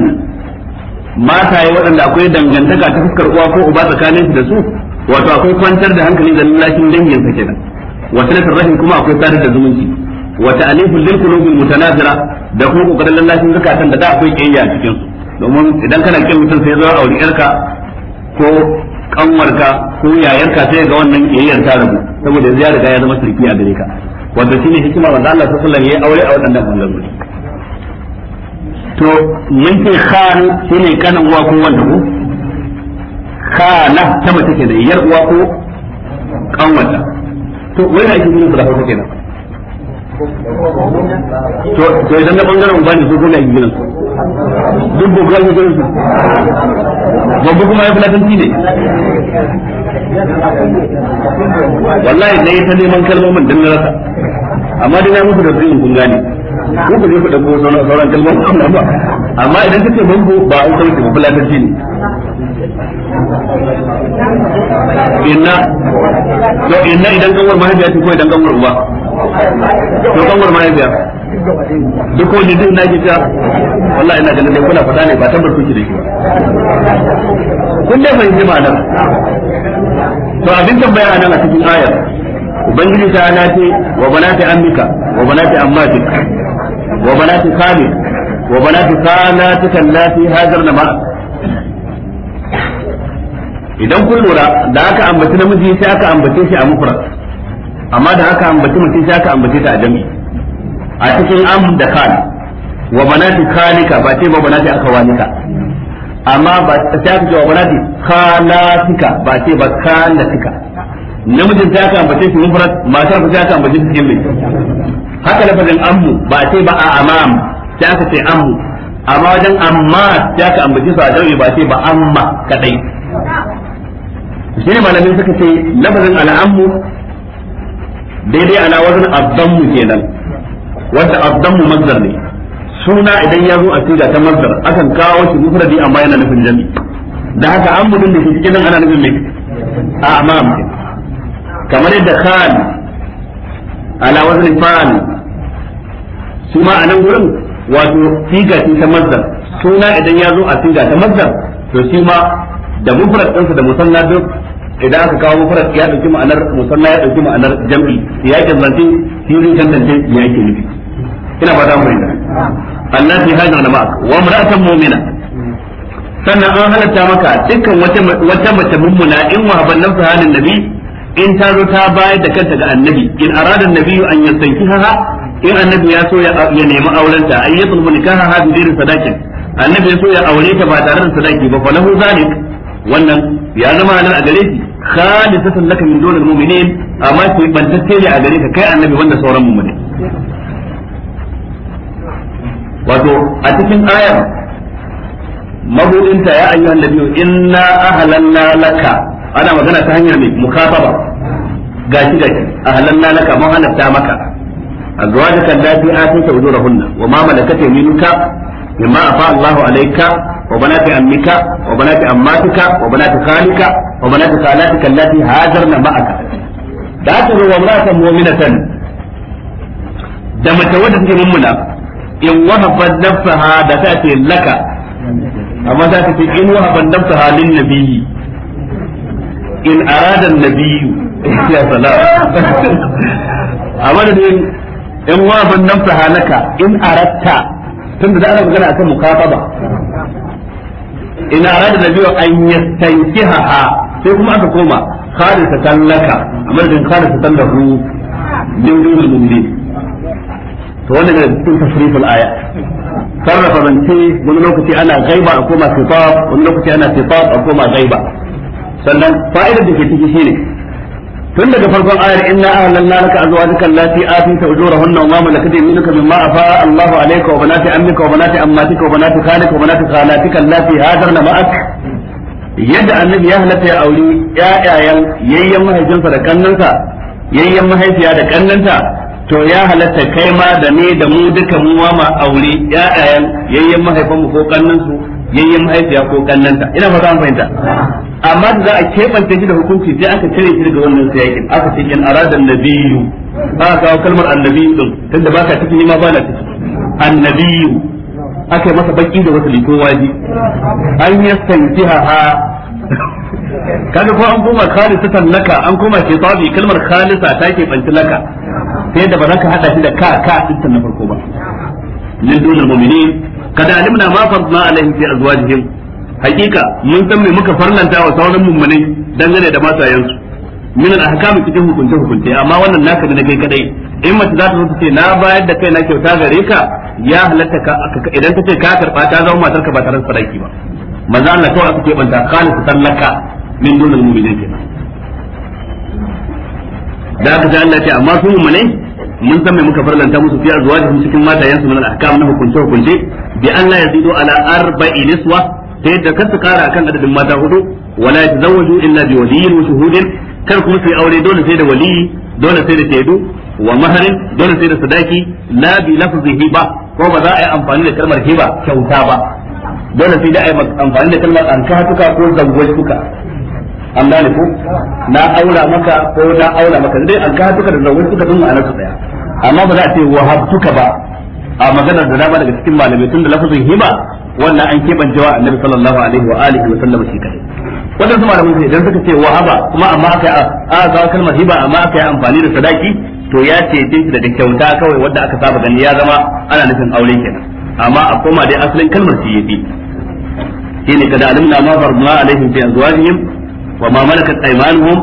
Mata yi waɗanda akwai dangantaka ta fuskar uwa ko uba tsakanin da su wato akwai kwantar da hankali da lallashin dangin sa kenan wata salatul rashin kuma akwai sadar da zumunci wa ta'aliful lil qulubil mutanazira da kuma kokarin lallashin zakatan da da akwai kiyayya cikin su domin idan kana kin mutum sai zo auri yarka ko kanwarka ko yayarka sai ga wannan kiyayyar ta rabu saboda yanzu ya riga ya zama sarki a gare ka wanda shine hikima wanda Allah ta sallan wasallam aure a waɗannan bangarori to mun ce khan shine kanin uwa ko wanda ko khana ta mace ke da yar uwa ko kan wanda to wai da kin da hausa kenan to to idan da bangaren uba ne so ko na gidan duk gobe ne gidan su gobe kuma ya fulatanci ne wallahi dai ta neman kalmomin dan rasa amma dai na musu da zuwa kun gane ko ba zai ku dauko sauran sauran kalmomin ba amma idan kace bango ba an sauke ba fulatanci ne inna to inna idan kanwar mahaifiya ce ko idan kanwar uba to kanwar mahaifiya duk ko jidin na ke ta wallahi ina ganin dai kuna faɗa ne ba tambar kuke da shi ba kun dai fahimci ma'anar to abin tambaya nan a cikin ayar ubangiji ta ana ce wa banati ammika wa banati ammatik وبنات خالد وبنات خالاتك اللاتي هاجرن معك idan kun lura da aka ambaci namiji sai aka ambace shi a mufrad amma da aka ambaci mutum sai aka ambace ta a jami a cikin am da kan wa banati khalika ba ce ba banati ka amma ba sai aka ce wa banati khalatika ba ce ba khalatika namijin sai aka ambace shi mufrad matar sai aka ambace shi jami haka lafazin ammu ba a ce ba a amam sai aka ce ammu amma wajen amma sai aka ambaci su a jami'i ba ce ba amma kadai shi ne malamin suka ce lafazin al'ammu daidai ala wazin abdammu kenan wanda abdammu mazdar ne suna idan ya zo a siga ta mazdar akan kawo shi mufradi amma yana nufin jami'i da haka an din da ke cikin nan ana nufin mai a amma kamar yadda khan ala wazni fa'al su ma nan gurin wato siga ce ta mazdar suna idan ya zo a siga ta mazdar to shi ma da mufrad ɗinsa da musanna duk idan aka kawo mufrad ya dauki ma'anar musanna ya dauki ma'anar jam'i ya kambance shi zai tantance ya yake nufi ina ba ta Allah inda allati na ma wa imra'atan mu'mina sannan an halatta maka dukkan wata wata mace mummuna in wahaban nafsu halin nabi in ta zo ta bayar da kanta ga annabi in arada annabi an yasanki haha in annabi ya so ya nemi aurenta ay yatlubu nikaha bi ghairi sadakin annabi ya so ya aure ta ba tare da sadaki ba falahu zalik wannan ya zama halal a gare shi khalisatan laka min dunil mu'minin amma ki bantacce ne a gare ka kai annabi wanda sauran mu'mini wato a cikin ayar mabudinta ya ayyuhan nabiyyu inna ahlanna laka ana magana ta hanya mai mukafaba gashi gashi a halanna laka mun halatta maka azwajaka allati atayta ujurahunna wa ma malakat yaminuka mimma afa Allahu alayka wa banati ammika wa banati ammatika wa banati khalika wa banati khalatika allati hajarna ma'aka da ta zo wallahi mu'minatan da mata wadda take mummuna in wahabat nafsaha da ta ce laka amma za ta ce in wahabat nafsaha lin nabiyyi in arada nabiyyu ya salam a madadin in wafin nan halaka in aratta tun da ana magana akan ba in arada nabiyyu an yastankiha sai kuma aka koma kare khalisa laka a madadin ta lahu min dunil mu'minin to wannan daga cikin tasriful aya sarrafa zance wani lokaci ana gaiba a koma khitab wani lokaci ana khitab a koma gaiba sannan fa'idar da ke ciki shine tun daga farkon ayar inna ahlalna laka azwajaka allati atayta ujurahunna wa ma malakat yaminuka mimma afa Allahu alayka wa banati ammika wa banati ammatika wa banati khalik wa banati khalatika allati hajarna ma'ak yadda annabi ya halatta ya auri ƴaƴayen yayyan mahaifinsa da kannansa yayyan mahaifiya da kannanta to ya halatta kai ma da ni da mu duka mu ma aure ƴaƴayen yayyan mahaifinmu ko kannansu yayyan mahaifiya ko kannanta ina fata an fahimta amma da za a keɓance shi da hukunci sai aka cire shi daga wannan sayakin aka ce in aradan nabiyyu aka kawo kalmar annabi din tunda baka cikin ni ma bana ciki annabiyyu aka masa baki da wasali ko waji an yastankiha ha kaga ko an koma khalisatan laka an koma kitabi kalmar khalisa ta ke banci laka sai da ba za ka hada shi da ka ka din na farko ba lil dunul mu'minin kada alimna ma farzna alaihim fi azwajihim hakika mun san me muka farlanta wa sauran mummunai dangane da masayansu min al-ahkam cikin hukunce hukunce amma wannan naka da kai kadai in mace za ta zo ta ce na bayar da kai na kyauta gare ka ya halatta ka idan ta ce ka karba ta zama matar ka ba tare da sadaki ba manzo Allah kawai aka kebanta khalis sallaka min dunal mu'minin kenan da ka ji Allah ce amma su mu'mine mun san me muka farlanta musu fiya zuwa cikin matayensu min al-ahkam na hukunce hukunce bi Allah yazidu ala arba'i niswa ta yadda kar su kara akan adadin mata hudu wala yatazawwaju illa bi waliyyin wa shuhudin kar kuma su yi aure dole sai da waliyi dole sai da shaidu wa maharin dole sai da sadaki la bi lafzi ba ko ba za a yi amfani da kalmar hiba kyauta ba dole sai da a yi amfani da kalmar an tuka ko zangwatuka an gane ko na aura maka ko na aura maka dai an tuka da tuka dun ma'anar su daya amma ba za a ce tuka ba a maganar da dama daga cikin malamai tun da lafazin hima wannan an keɓance wa annabi sallallahu alaihi wa alihi wa sallam shi kadai wadansu malaman sai idan suka ce wa haba kuma amma aka a ga kalmar hiba amma aka yi amfani da sadaki to ya ce din da kyauta kawai wanda aka saba gani ya zama ana nufin aure kenan amma a koma dai asalin kalmar shi yafi shine kada alimna ma farna alaihim fi azwajihim wa ma malakat aymanuhum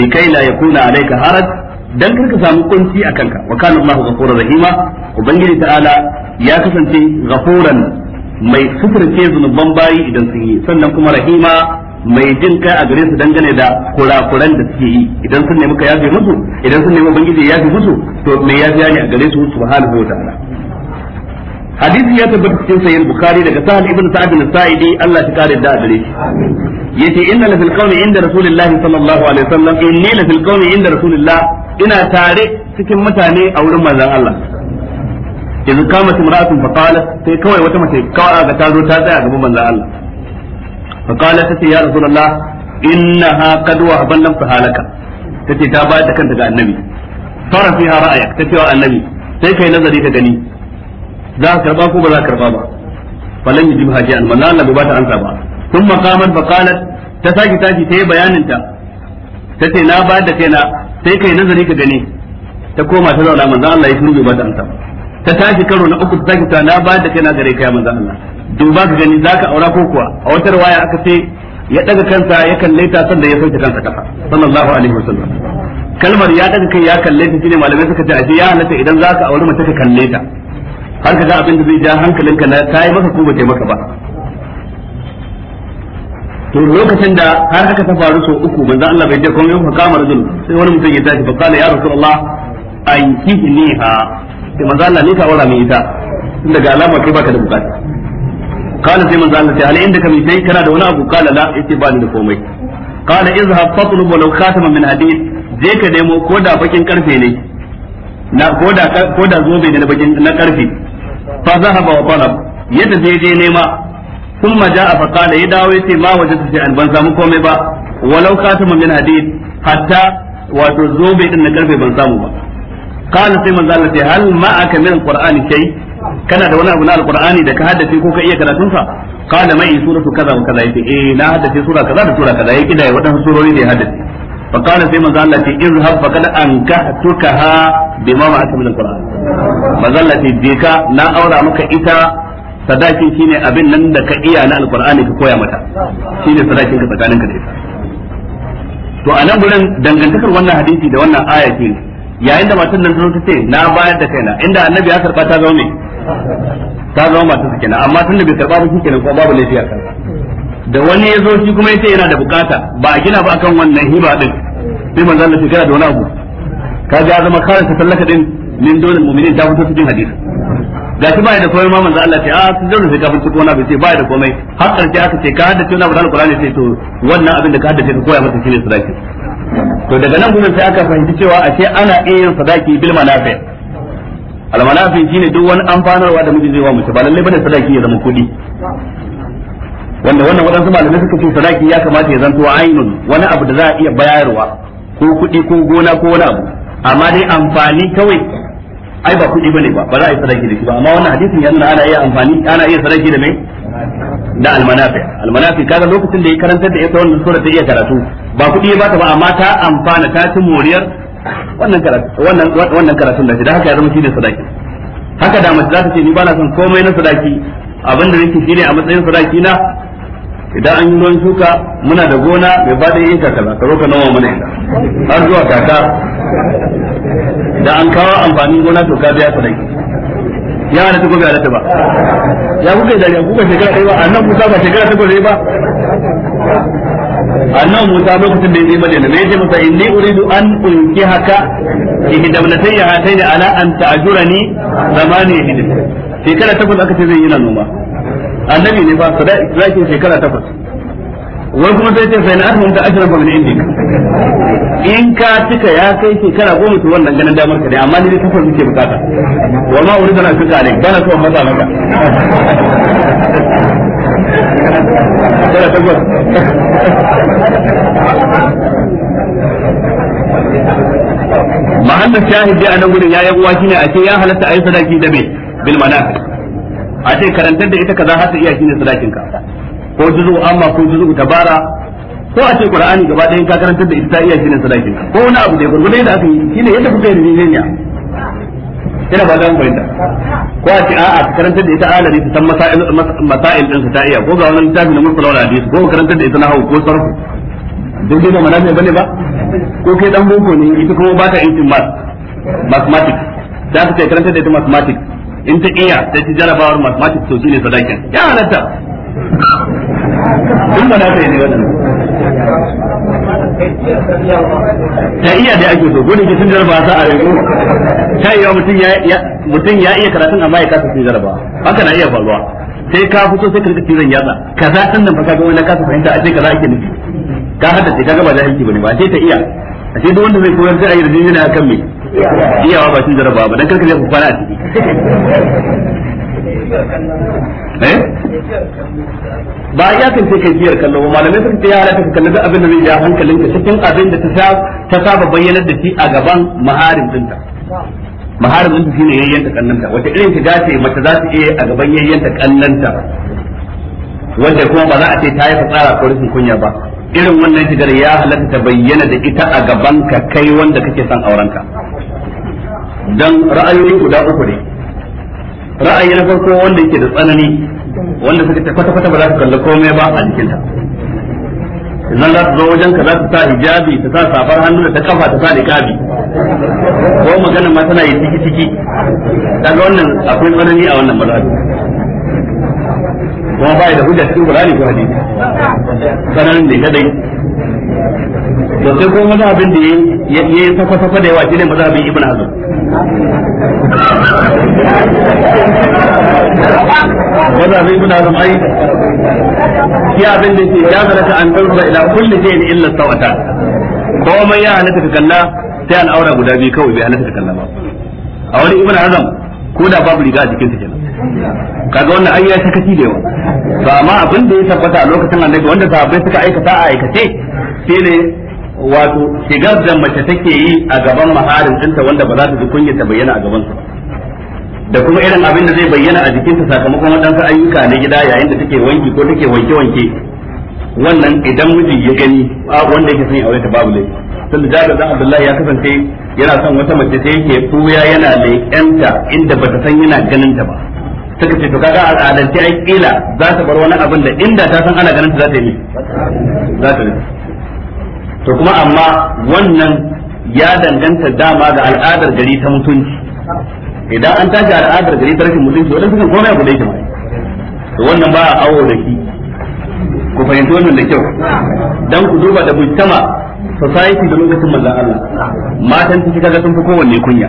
likai la yakuna alayka haraj dan karka samu kunci akan ka wa kana Allahu ghafurur rahima ubangiji ta'ala ya kasance ghafuran mai sufurce zunuban bayi idan sun yi sannan kuma rahima mai jin kai a gare su dangane da kurakuran da suke yi idan sun nemi ka yafe musu idan sun nemi bangiji ya yafe musu to mai ya ne a gare su subhanahu wataala hadisi ya tabbata cikin sayyid bukhari daga sahal ibn sa'd bin sa'idi Allah ya kare da gare shi yace inna lafil qawmi inda rasulillah sallallahu alaihi wasallam inni lafil qawmi inda rasulillah ina tare cikin mutane a wurin manzon Allah idza qamat imra'atun fa qalat sai kawai wata mace kawai ga ta zo ta tsaya gaban manzon Allah fa ta ce ya rasulullah innaha qad wahaban lam tahalaka tace ta ce ta bayar da kanta ga annabi fara fiha ta ce wa annabi sai kai nazari ka gani za ka karba ko ba za ka karba ba falan yujib haji an manzon Allah bai ba ta ansa ba thumma makaman fa ta saki tashi ta yi bayaninta ta ce na bayar da kaina sai kai nazari ka gani ta koma ta zauna manzon Allah ya shiru bai ba ta ansa ba ta tashi karo na uku ta sake cewa na bayar da kaina gare kai manzo Allah duba ka gani zaka aura ko kuwa a wata riwaya aka ce ya daga kansa ya kalle ta sanda ya sauke kansa kafa sallallahu alaihi wasallam kalmar ya daga kai ya kalle ta shine malamai suka ce ashe ya halatta idan zaka aure mace ka kalle ta har ka ga abin da zai ja hankalinka na kai maka ko bai maka ba to lokacin da har haka ta faru so uku manzo Allah bai je komai ba kama rajul sai wani mutum ya tashi fa qala ya rasulullah ayyihi liha sai manzo Allah ne ka aura min ita tunda ga alama kai baka da bukata kana sai manzo Allah sai inda indaka sai kana da wani abu kana la yace ba ni da komai kana izhab fatlub walau khataman min hadid je ka nemo ko da bakin karfe ne na ko da ko da zobe ne na bakin na karfe fa zahaba wa talab yadda zai je nema ya dawo ya يدا ويتي ما وجدت شيئا بان سامو كومي با ولو خاتم min حديد hatta wato zobe din na karfe ban samu ba قال سيما ذلك هل معك من القرآن شيء كان da wani abu na alqur'ani da ka haddace ko ka iya karatun sa qala mai suratu kaza wa kaza yace eh na haddace sura kaza da sura kaza yake da wadannan surori ne haddace fa qala sai manzo Allah ce izhab fa kada an kahtukaha bima ma'aka min alqur'an manzo na aura maka ita sadakin shine abin nan da ka iya na alqur'ani ka koya mata shine sadakin ka tsakaninka da ita to a nan gurin dangantakar wannan hadisi da wannan aya yayin da matan nan ta ce na bayar da kaina inda annabi ya karba ta me ta zama matan su kenan amma tunda bai karba ba shikenan ko babu laifi a kansa da wani ya zo shi kuma ya ce yana da bukata ba a gina ba akan wannan hiba din sai manzo Allah ya da wani abu ka ga zama karanta sallaka din min dole mu'minin ta fito cikin hadisi ga shi bai da komai ma manzo Allah ce a ah, su jaru sai kafin tuko na bai ce baya da komai har karshe aka ce ka haddace na Qur'ani sai to wannan abin da ka haddace ka koya masa shi ne sadaki to daga nan gudun sai aka fahimci cewa a ce ana iya yin sadaki bil manafi al manafi shine duk wani amfanarwa da miji zai wa mace ba lalle bane sadaki ya zama kuɗi wanda wannan waɗansu malamai suka ce sadaki ya kamata ya zanto ainun wani abu da za a iya bayarwa ko kuɗi ko gona ko wani abu amma dai amfani kawai ai ba kuɗi bane ba ba za a yi sadaki da shi ba amma wannan hadisin yana ana iya amfani ana iya sadaki da mai da almanafi almanafi kaga lokacin da ya karantar da ita wannan sura ta iya karatu ba kuɗi ya bata ba amma ta amfana ta ci moriyar wannan karatu wannan wannan karatun da shi da haka ya zama shine sadaki haka da mace za ta ce ni ba na son komai na sadaki abin da nake ne a matsayin sadaki na idan an yi ruwan shuka muna da gona mai faɗin yin kaza ka roka nawa mana ita har zuwa kaka da an kawo amfanin gona to ka biya sadaki ya halatta ko bai halatta ba ya kuka yi dariya kuka shekara ɗaya ba annan musa ba shekara takwas ba annan musa lokacin da ya zai madina ne ya ce masa inni uridu an ulki haka ihdamnatay ya hatayni ala an ni ta'jurani zamani hidin shekara takwas aka ce zai yi na noma annabi ne ba su da sadaki shekara takwas wai kuma sai ce sai na asmin ta ashirin fa min indik in ka cika ya kai shekara goma to wannan ganin damar ka dai amma ni kafar muke bukata wa ma uridu na cika ne bana so masa maka muhammad mahallin shahid dai a nan gudun yayin uwa shine a ce ya halatta ayi sadaki da me bil manaf a ce karantar da ita kaza za ta iya shine sadakin ka ko juzu amma ko juzu tabara ko a ce qur'ani gaba ɗayan ka karantar da ita ta iya shine sadaki ko wani abu dai gurgurai da yadda aka yi shine yadda kuka yi ne ina ba da fahimta ko a ce a'a ka karantar da ita alari ta san masail din ta iya ko ga wani tafi na mursala wal hadisi ko karantar da ita na hawo ko sarfu duk dai ba manami bane ba ko kai dan boko ne ita kuma ba ta yin math mathematics da ka karantar da ita mathematics in ta iya ta ci jarabawar mathematics to shine sadakin ya halatta duk ba na kai ne wannan ta iya da ake so gudun sun jarba sa a rego ta iya mutum ya iya karatun amma ya kasa sun jarba haka na iya faruwa sai ka fito sai ka zan cizon Ka za san nan fa kaga wani kasa fahimta a ce kaza ake nufi ka hada ce kaga ba jahilci bane ba sai ta iya a ce duk wanda zai koyar sai a yi da jinjina akan me iyawa ba sun jarba ba dan karka je ku fara a ciki Eh? ba ya kan sai ka giyar kallo ba malamai sun ce ya halatta ka kalli abin da zai ja hankalin ka cikin abin da ta saba bayyanar da shi a gaban maharin dinta maharin dinta shine yayyanta kallanta wata irin ta dace mace za ta iya a gaban yayyanta kallanta wanda kuma ba za a ce ta yi tsara ko rufin kunya ba irin wannan shigar ya halatta ta bayyana da ita a gaban ka kai wanda kake son aurenka dan ra'ayoyi guda uku ne ra'ayi na farko wanda yake da tsanani wanda suka ce kwata kwata ba za ka kalli komai ba a jikin ta idan za su zo wajen ka za su sa hijabi ta sa safar hannu da ta kafa ta sa niqabi ko magana ma tana yi ciki ciki daga wannan akwai tsanani a wannan mazhabi kuma ba da hujja cikin Qur'ani ko hadisi sanan ne kadai to sai kuma abin da ya yi safa-safa da yawa shi ne mazhabin ibn hazm mazhabin ibn hazm ai shi abin da ke ya ta an tanzura ila kulli shay'in illa sawata komai ya halatta ka kalla sai al'aura guda biyu kawai bai halatta ka kalla ba a wani ibn hazm ko da babu riga a jikinsa kenan kaga wannan ai ya sakaci da yawa to amma abin da ya tabbata a lokacin annabi wanda sahabbai suka aikata a aikace shine wato shigar da mace take yi a gaban maharin ɗinta wanda ba za ta ji kunya ta bayyana a gabansa da kuma irin abin da zai bayyana a jikinta sakamakon waɗansu ayyuka na gida yayin da take wanki ko take wanke-wanke wannan idan miji ya gani wanda yake son aure ta babu laifi sun da jabir zan abdullahi ya kasance yana son wata mace ta yake tuya yana leƙenta inda bata san yana ganin ta ba suka ce to kaga al'adance ai kila za ta bar wani abin da inda ta san ana ganin ta za ta yi za ta yi to kuma amma wannan ya danganta dama ga al'adar gari ta mutunci idan an tashi al'adar gari ta rashin mutunci wadanda sukan komai abu da yake mai to wannan ba a awo da shi ku fahimci wannan da kyau dan ku duba da mujtama society da lokacin manzon Allah matan ta kaga sun fi kowanne kunya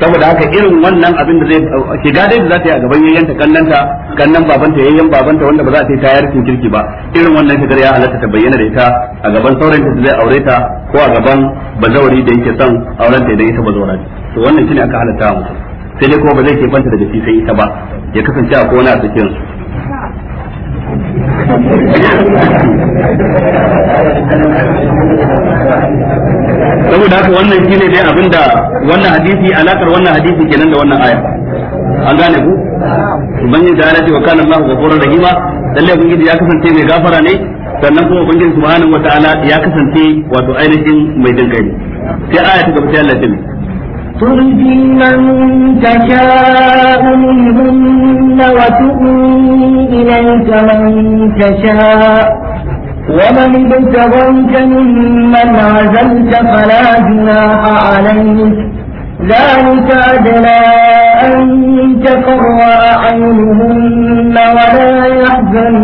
saboda haka irin wannan abin da zai ke da za ta yi a gaban ta kannanta kannan babanta yayyan babanta wanda ba za ta yi tayar cin kirki ba irin wannan shigar ya halatta ta bayyana da ita a gaban sauran ta zai aure ta ko a gaban bazawari da yake son auren ta idan ita zaura to wannan shine aka halatta mu sai dai kuma ba zai ke banta daga shi sai ita ba ya kasance a kona a cikin saboda haka wannan shine dai abinda wannan hadisi alakar wannan hadisi kenan da wannan aya an gane ku ubangiji da ya ce wa kana Allahu ghafurur rahima lalle ubangiji ya kasance mai gafara ne sannan kuma ubangiji subhanahu wataala ya kasance wato ainihin mai dinkai sai aya ta gaba ta Allah ta ترجي طيب من تشاء منهن وتؤمن إليك من تشاء ومن ابتغيت ممن عزلت فلا جناح عليك ذلك أدنى أن تقر أعينهن ولا يحزن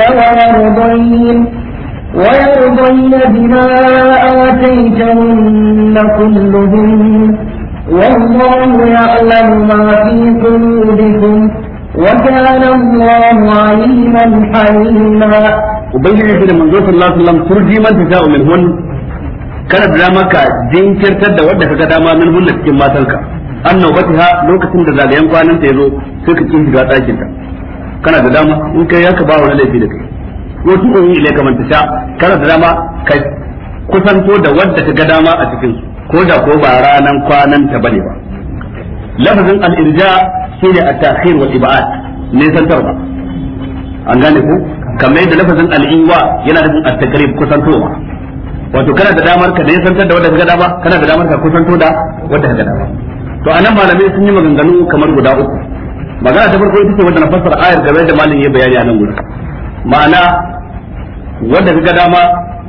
ويرضين ويرضين بما آتيتهن كلهن والله يعلم ما في قلوبكم وكان الله عليما حليما da manzo sallallahu da jinkirtar da wanda kaga dama min hun cikin matanka annabatiha lokacin da zagayen kwanan ta yazo sai ka kin shiga dakin ta kana da dama in kai ya ka ba wani laifi da kai ko tu in ilai ka manta sha da dama ka kusanto da kaga dama a cikin su ko da ko ba ranan kwanan ta bane ba lafazin al-irja shine at-ta'khir wal ib'ad ne tarba an gane ku kamar yadda lafazin al-inwa yana nufin at-taqrib kusantowa wato kana da damar ka ne santar da wanda ka dama kana da damar ka kusanto da wanda ka dama to anan malamai sun yi maganganu kamar guda uku magana ta farko ita ce wanda na fassara ayar game da malamin ya bayani a nan gudu ma'ana wanda ka dama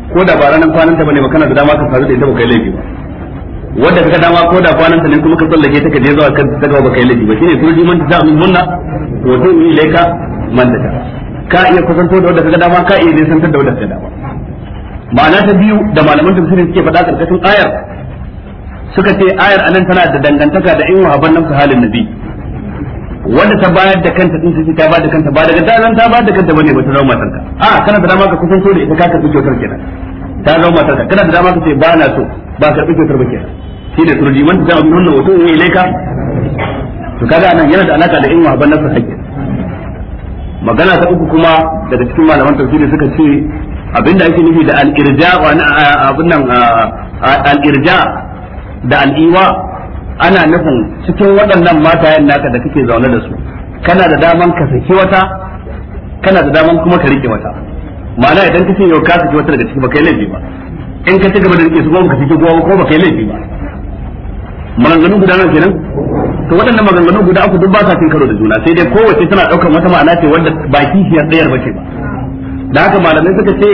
ko da ba ranan kwanan ta bane ba kana da dama ka faru da ita ba kai laifi ba wanda kaga dama ko da kwanan ta ne kuma ka tsallake ta ka je zuwa kan ta gaba baka yi ba shine turji man ta min munna to sai yi laika man ta ka iya kusanto da wanda kaga dama ka iya nisantar da wanda kaga dama ma'ana ta biyu da malaman tafsiri suke faɗa karkashin ayar suka ce ayar anan tana da dangantaka da in wahaban nan halin nabi wanda ta bayar da kanta din sai ta bayar da kanta ba daga dalan ta bayar da kanta bane ba ta zama matarka a kana da dama ka kusanto da ita ka ka kyautar kenan ta zama ka kana da dama ka ce ba na so ba ka kyautar ba kenan shi ne turji wanda ta abin nuna wato ne ilaika to kaga nan yana da alaka da in wa ban nasa hakki magana ta uku kuma daga cikin malaman tafsiri suka ce abinda ake nufi da al-irja wa abin nan al-irja da al-iwa ana nufin cikin waɗannan matayen naka da kake zaune da su kana da daman ka saki wata kana da daman kuma ka rike wata ma'ana idan kace yau ka saki wata daga ciki ba kai laifi ba in ka ci gaba da rike su ko ka cike gowa ko baka yi laifi ba maganganun guda nan kenan to waɗannan maganganun guda uku duk ba sa cin karo da juna sai dai kowace tana ɗaukar wata ma'ana ce wanda ba kishiyar ɗayar ba ce ba da haka malamai suka ce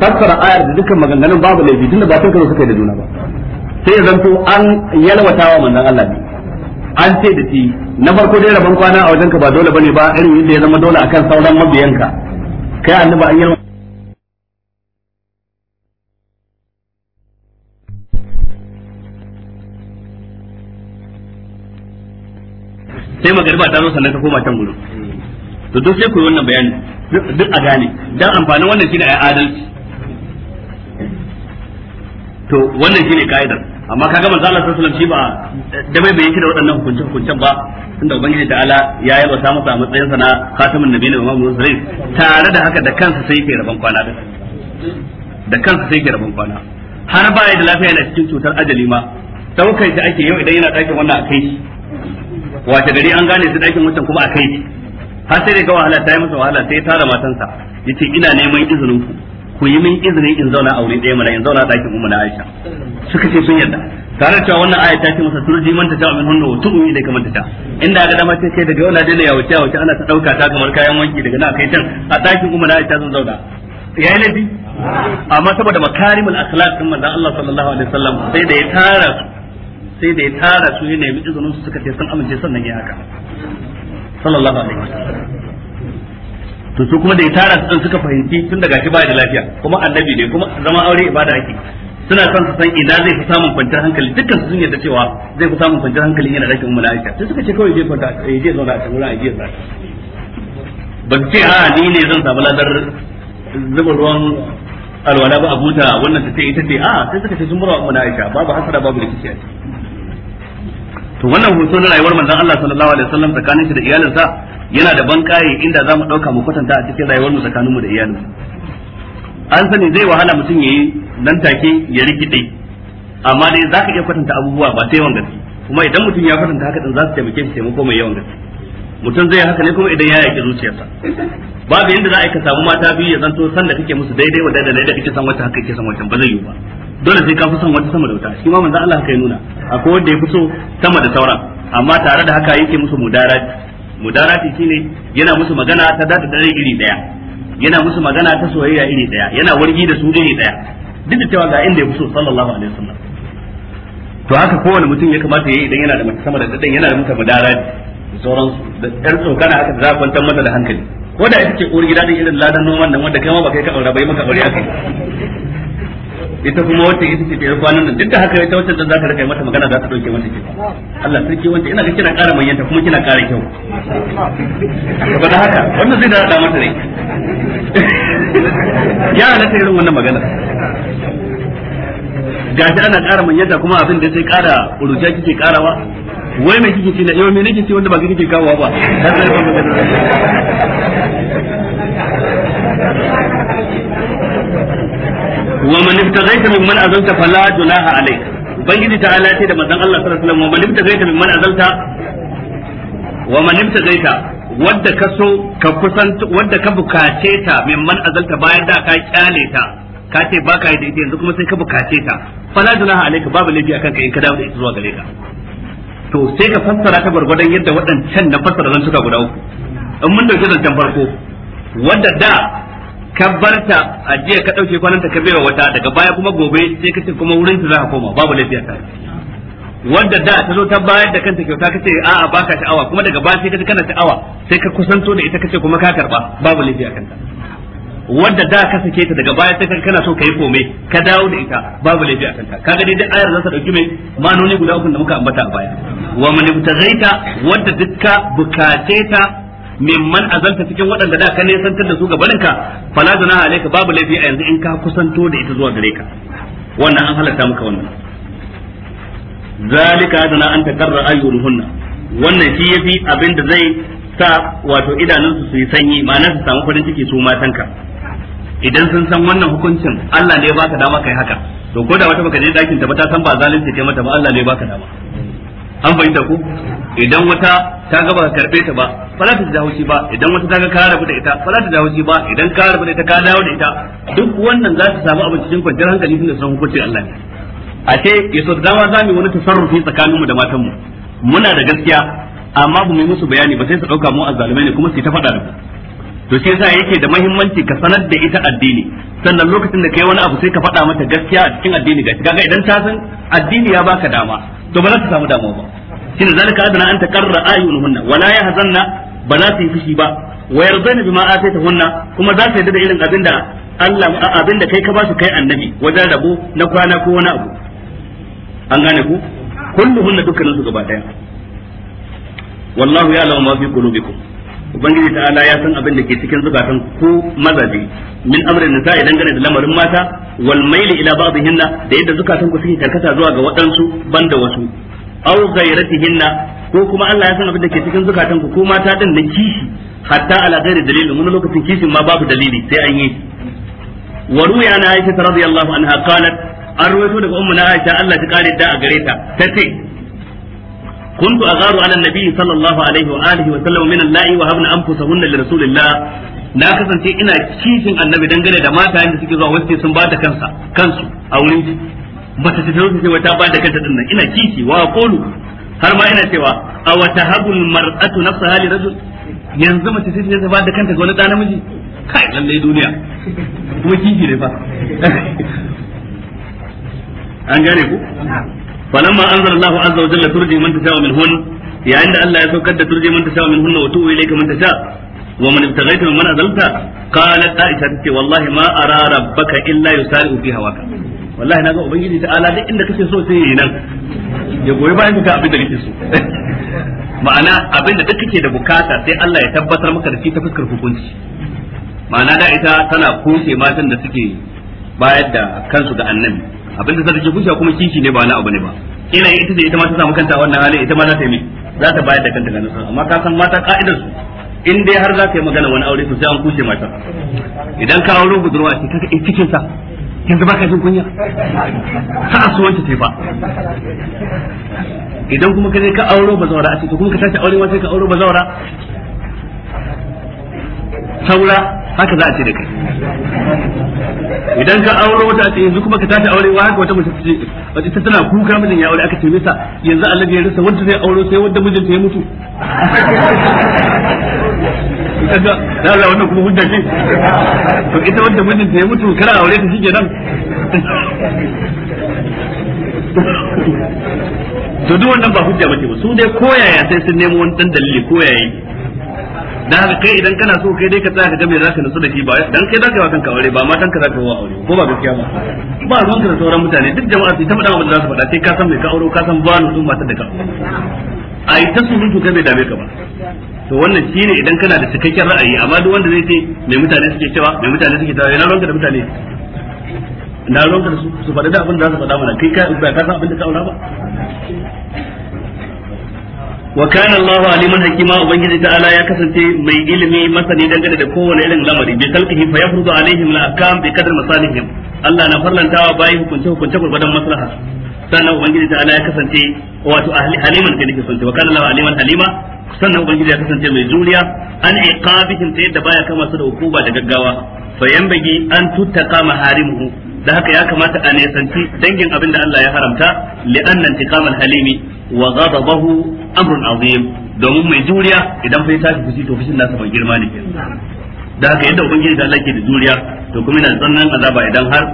fassara ayar da dukkan maganganun babu laifi tunda ba cin karo suka yi da juna ba sai ya zanto an yalwatawa manzon Allah ne an ce da shi na farko dai rabon kwana a wajenka ba dole bane ba irin yadda ya zama dole akan sauran mabiyanka kai annabi an yalwa sai magariba ta zo sannan ta koma can gurin to duk sai ku wannan bayani duk a gane dan amfanin wannan shine ai adalci to wannan shine kaidar amma kaga manzo Allah sallallahu alaihi wasallam shi ba da bai da waɗannan hukunce hukuncen ba tunda ubangiji Ala ya yaba sa masa a matsayin sa na khatamin nabiyyi wa mamun zuri tare da haka da kansa sai yake rabon kwana da da kansa sai yake rabon kwana har baya da lafiya yana cikin cutar ajali ma daukar da ake yau idan yana dakin wannan a kai shi wace gari an gane su dakin wancan kuma a kai shi har sai da ga wahala ta yi masa wahala sai tara matansa yace ina neman izinin ku ku yi min izinin in zauna a wuri ɗaya mana in zauna a ɗakin umma na Aisha suka ce sun yarda tare cewa wannan aya ta ce masa turji manta ta ta min hunna wa da kamar ta ta inda ga dama ce kai daga yau na daina ya wuce wuce ana ta dauka ta kamar kayan wanki daga na kai can a dakin umma na Aisha sun zauna Ya yi laifi amma saboda makarimul akhlaq din manzon Allah sallallahu alaihi wasallam sai da ya tara sai da ya tara su ya nemi izinin su suka ce sun amince sannan ya haka sallallahu alaihi wasallam to kuma da ya tara su suka fahimci tun daga shi baya da lafiya kuma annabi ne kuma zama aure ibada ake suna son su san ina zai fi samun kwanciyar hankali dukkan su sun yarda cewa zai fi samun kwanciyar hankali yana rakin umma Aisha sai suka ce kawai je kwanta ya eh, je zauna a can wurin ajiyar zai ba ce a ni ne zan samu ladar zuba ruwan alwala ba a buta wannan ta ce ita ce a sai suka ce sun bar wa umma Aisha babu hasara babu rikici a ciki to wannan hoto na rayuwar manzon Allah sallallahu alaihi wasallam tsakanin shi da iyalinsa yana da kai inda zamu dauka mu kwatanta a cikin rayuwar mu tsakanin mu da iyalinsa an sani zai wahala mutum yayi nan take ya rikide amma dai zaka iya kwatanta abubuwa ba sai wanga kuma idan mutum ya kwatanta haka din za su taimake shi taimako mai yawan gaske mutum zai haka ne kuma idan ya yaki zuciyarsa babu yadda za a yi ka samu mata biyu ya zanto san da kake musu daidai wa daidai da kake san wata haka kake san wata ba zai yiwu ba dole sai ka fi son wata sama da wuta. shi ma manzo Allah haka ya nuna akwai wanda ya fi so sama da sauran amma tare da haka yake musu mudarati mudarati shine yana musu magana ta da da iri daya yana musu magana ta soyayya iri daya yana wargi da su iri daya duk da cewa ga inda ya fi so sallallahu alaihi wasallam to haka kowane mutum ya kamata yayi idan yana da mata sama da dadan yana da mata mudarati sauran da ɗan tsokana haka da za kwantar mata da hankali ko da ita ce uwar gida din irin ladan noman nan wanda kai ma ba kai ka aura bai maka aure aka ita kuma wacce ita ce biyar kwanan nan duk da haka ita wacce za ka rika mata magana za ta dauke mata kika Allah sarki wanda ina ga kina ƙara manyanta kuma kina ƙara kyau ba da haka wannan zai da mata ne ya ta irin wannan magana shi ana ƙara manyanta kuma abin da sai ƙara uruja kike ƙarawa wai me kike ce na yau me nake ce wanda ba kike kawo ba wa man min mimman azalta fala junaha alayk ubangiji ta ala ce da manzon Allah sallallahu alaihi wasallam wa man ibtaghaita azalta wa man ibtaghaita wadda ka so ka kusan wadda ka bukace ta min mimman azalta bayan da ka kyale ta ka ce ba ka yi da ita yanzu kuma sai ka bukace ta fala junaha alayka babu laifi akan ka in ka dawo da ita zuwa gare ka to sai ka fassara ta gwargwadon yadda waɗancan na fassara zan suka guda uku in mun dauki zancen farko wadda da ka barta a jiya ka ɗauke kwanan ta ka baiwa wata daga baya kuma gobe sai ka ce kuma wurin ta za ka koma babu lafiya ta wanda da ta zo ta bayar da kanta kyauta ka ce a'a baka sha'awa kuma daga baya sai ka kana sha'awa sai ka kusanto da ita ka ce kuma ka karba babu lafiya kanta wanda da ka sake ta daga baya sai kana so ka yi kome ka dawo da ita babu lafiya a kanta kaga dai duk ayar za ta dauki mai manoni guda uku da muka ambata a baya wa man ibtaghaita wanda dukka bukace ta mimman azalta cikin waɗanda da ka nesantar da su ga ka fala junaha alayka babu laifi a yanzu in ka kusanto da ita zuwa gare ka wannan an halatta maka wannan zalika adana an takarra ayyuhunna wannan shi yafi abin da zai sa wato idanunsu su yi sanyi ma'ana su samu farin ciki su matanka idan sun san wannan hukuncin Allah ne baka dama kai haka to ko da wata baka je dakin ta ba ta san ba zalunci kai mata ba Allah ne baka dama an bayyana ku idan wata ta gaba ka karbe ta ba fala za ta dawo shi ba idan wata ta ga ka rabu da ita fala ta dawo shi ba idan ka rabu da ita ka dawo da ita duk wannan za ta samu abin cikin kwanciyar hankali tunda sun hukunci Allah ne a ce yaso da dama za mu wani tasarrufi tsakaninmu da matanmu muna da gaskiya amma ba mu musu bayani ba sai su dauka mu azzalumai ne kuma su ta faɗa da mu to sai yasa yake da muhimmanci ka sanar da ita addini sannan lokacin da kai wani abu sai ka faɗa mata gaskiya a cikin addini ga kaga idan ta san addini ya baka dama to ba za ta samu damuwa ba shine zalika adana an taqarra ayunuhunna wala yahzanna ba za su yi fushi ba wa yarzaina bima ataitahunna kuma za su yarda da irin abinda Allah abinda kai ka basu kai annabi wajen rabo na kwana ko wani abu an gane ku kulluhunna dukkanin su gaba daya wallahu ya'lamu ma fi qulubikum ubangiji ta'ala ya san abin da ke cikin zukatan ku mazaje min amrin nisa idan gane da lamarin mata wal maili ila ba'dihinna da yadda zukatan ku suke karkata zuwa ga waɗansu banda wasu aw ghayratihinna ko kuma Allah ya san abin da ke cikin zukatan ku ko mata din da kishi hatta ala ghairi dalilin mun lokacin kishin ma babu dalili sai an yi wa ruya na Aisha radiyallahu anha qalat an ruwaito daga ummu na Aisha Allah ta kare da a gare ta ta ce. Kuntu tace كنت أغار على النبي صلى الله عليه وآله وسلم من wa habna أنفسهن لرسول الله na kasance ina kishin annabi dangane da mata da suke zuwa wasu sun ba da kansa kansu a wurin bata ta zo cewa ta bada kanta din nan ina kishi wa qulu har ma ina cewa aw tahabul mar'atu nafsaha li rajul yanzu mace sai ta bada kanta ga wani da namiji kai lalle duniya kuma kishi ne fa an gane ku falamma anzala azza wa jalla turji man tasha min hun yayin da Allah ya saukar da turji man tasha min hun wa tuwi ilayka man tasha wa man ibtaghaita man azalta qalat aisha ce wallahi ma ara rabbaka illa yusari'u fi hawaka wallahi na ga ubangiji ala duk inda kake so sai yayi nan ya goyi bayan ka abin da kake so ma'ana abin da duk kake da bukata sai Allah ya tabbatar maka da shi ta fuskar hukunci ma'ana da ita tana kushe matan da suke bayar da kansu ga annabi abin da zai kushe kuma kishi ne ba wani abu ne ba ina ita da ita ma ta samu kanta wannan halin ita ma za ta yi za ta bayar da kanta ga nasu amma ka san mata ka'idar su in dai har za ka yi magana wani aure to sai an kushe mata idan ka aure budurwa ce kaga in cikin sa yanzu baka jin kunya ta asuwanci sai ba idan kuma ka je ka auro zaura a ce kuma ka tashi aure sai ka auro zaura saura haka za a ce da kai idan ka auro wata ce yanzu kuma ka tashi auren wa haka wata mace ce wata ta tana kuka mijin ya aure aka ce misa yanzu Allah ya rasa wanda zai auro sai wanda mijinta ya mutu kaga da Allah wannan kuma hujja ce to ita wanda mijinta ya mutu kana aure ta shige nan to duk wannan ba hujja bace ba su dai koyaya sai sun nemo wani dan dalili koyaye dan haka kai idan kana so kai dai ka tsaya ka ga me zaka nasu da shi ba dan kai zaka yi kanka aure ba ma dan ka zaka wa aure ko ba gaskiya ba ba ruwan ka da sauran mutane duk jama'a su ta faɗa abin da za su faɗa sai ka san me ka aure ka san ba nan nutsu matar da ka aure ai ta surutu kai bai dame ka ba to wannan ne idan kana da cikakken ra'ayi amma duk wanda zai ce me mutane suke cewa me mutane suke cewa yana ranka da mutane na ranka su faɗi da abin da za su faɗa mana kai ka ba ka san abin da ka aura ba wa kana Allah aliman hakima ubangiji ta'ala ya kasance mai ilimi masani dangane da kowane irin lamari bi kalkihi fa yafrudu alaihim la bi masalihim Allah na farlantawa bayi hukunce hukunce gurbadan maslaha sannan ubangiji ta'ala ya kasance wato wa kana aliman halima sannan ubangiji ya kasance mai juriya an iqabihim ta yadda baya kama su da hukuma da gaggawa fa yanbagi an tuttaka maharimuhu da haka ya kamata a nesanci dangin abin da Allah ya haramta li'anna intiqamal halimi wa ghadabahu amrun azim domin mai juriya idan fa ya fushi to fushin nasa mai girma ne da haka yadda ubangiji da Allah ke da juriya to kuma yana zannan azaba idan har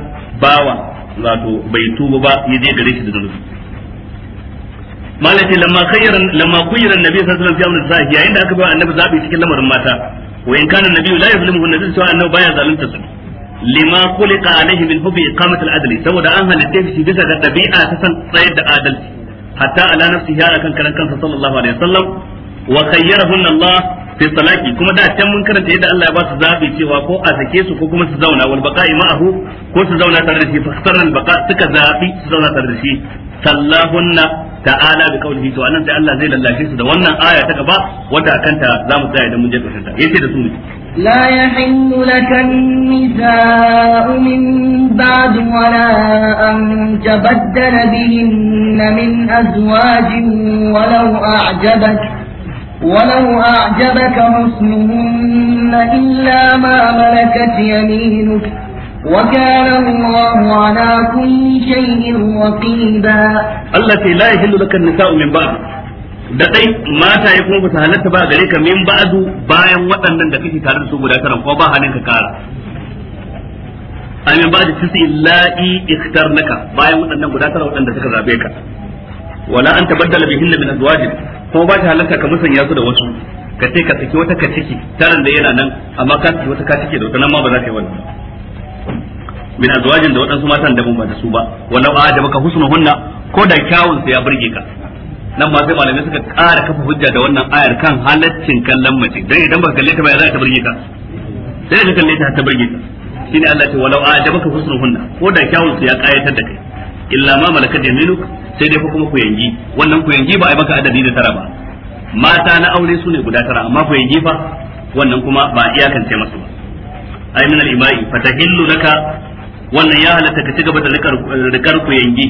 bawa wato bai tuba ba ya je gare shi da zunubi malaka lamma khayran lamma khayran nabi sallallahu alaihi wasallam fi amr zahi yayin da aka ba annabi zabi cikin lamarin mata wa in kana nabi la yuzlimuhu nabi sai annabi baya zalunta su lima khuliqa alaihi min hubbi iqamat al-adl saboda an halitta shi bisa ga dabi'a ta san tsayar da adalci hatta ala nafsihi ala kan karan kansa sallallahu alaihi wasallam wa khayyarahunna Allah fi talaqi kuma da can mun karanta yadda Allah ya ba su zabi cewa ko a sake su ko kuma su zauna wal baqa'i ma'ahu ko su zauna tare da shi fa khtarna al-baqa' suka zabi su zauna tare da shi sallahunna ta'ala bi qawlihi to anan sai Allah zai lallashe su da wannan aya ta gaba wanda akanta zamu tsaya idan mun je karshen ta yace da su ne لا يحل لك النساء من بعد ولا أن تبدل بهن من أزواج ولو أعجبك ولو أعجبك حسنهن إلا ما ملكت يمينك وكان الله على كل شيء رقيبا التي لا da dai mata ya kuma bata halatta ba gare ka min ba'du bayan waɗannan da kake tare da su guda karan ko ba halin ka kara amin ba'du tisi illa'i ikhtarnaka bayan waɗannan guda karan waɗanda suka zabe ka wala an tabaddala bihin min azwaj ko ba ta halatta ka musanya su da wasu ka ce ka saki wata ka ciki taran da yana nan amma ka saki wata ka ciki da wata nan ma ba za ta yi wannan min azwajin da waɗansu matan da ba da su ba walau ba da baka husnu hunna ko da kyawun sai ya burge ka nan ma sai malamai suka ƙara kafa hujja da wannan ayar kan halaccin kallon mace dan idan baka kalle ta ba za ta burge ka sai ka kalle ta ta burge ka shine Allah ce walau ba da baka husnu hunna ko da kyawun sai ya kayatar da kai illa ma malakat yaminuk sai dai kuma ku yangi wannan ku yangi ba ai maka adadi da tara ba mata na aure su ne guda tara amma ku yangi fa wannan kuma ba iyakance masu ba ai min al imai fatahillu laka wannan ya halatta ka cigaba da rikar ku yangi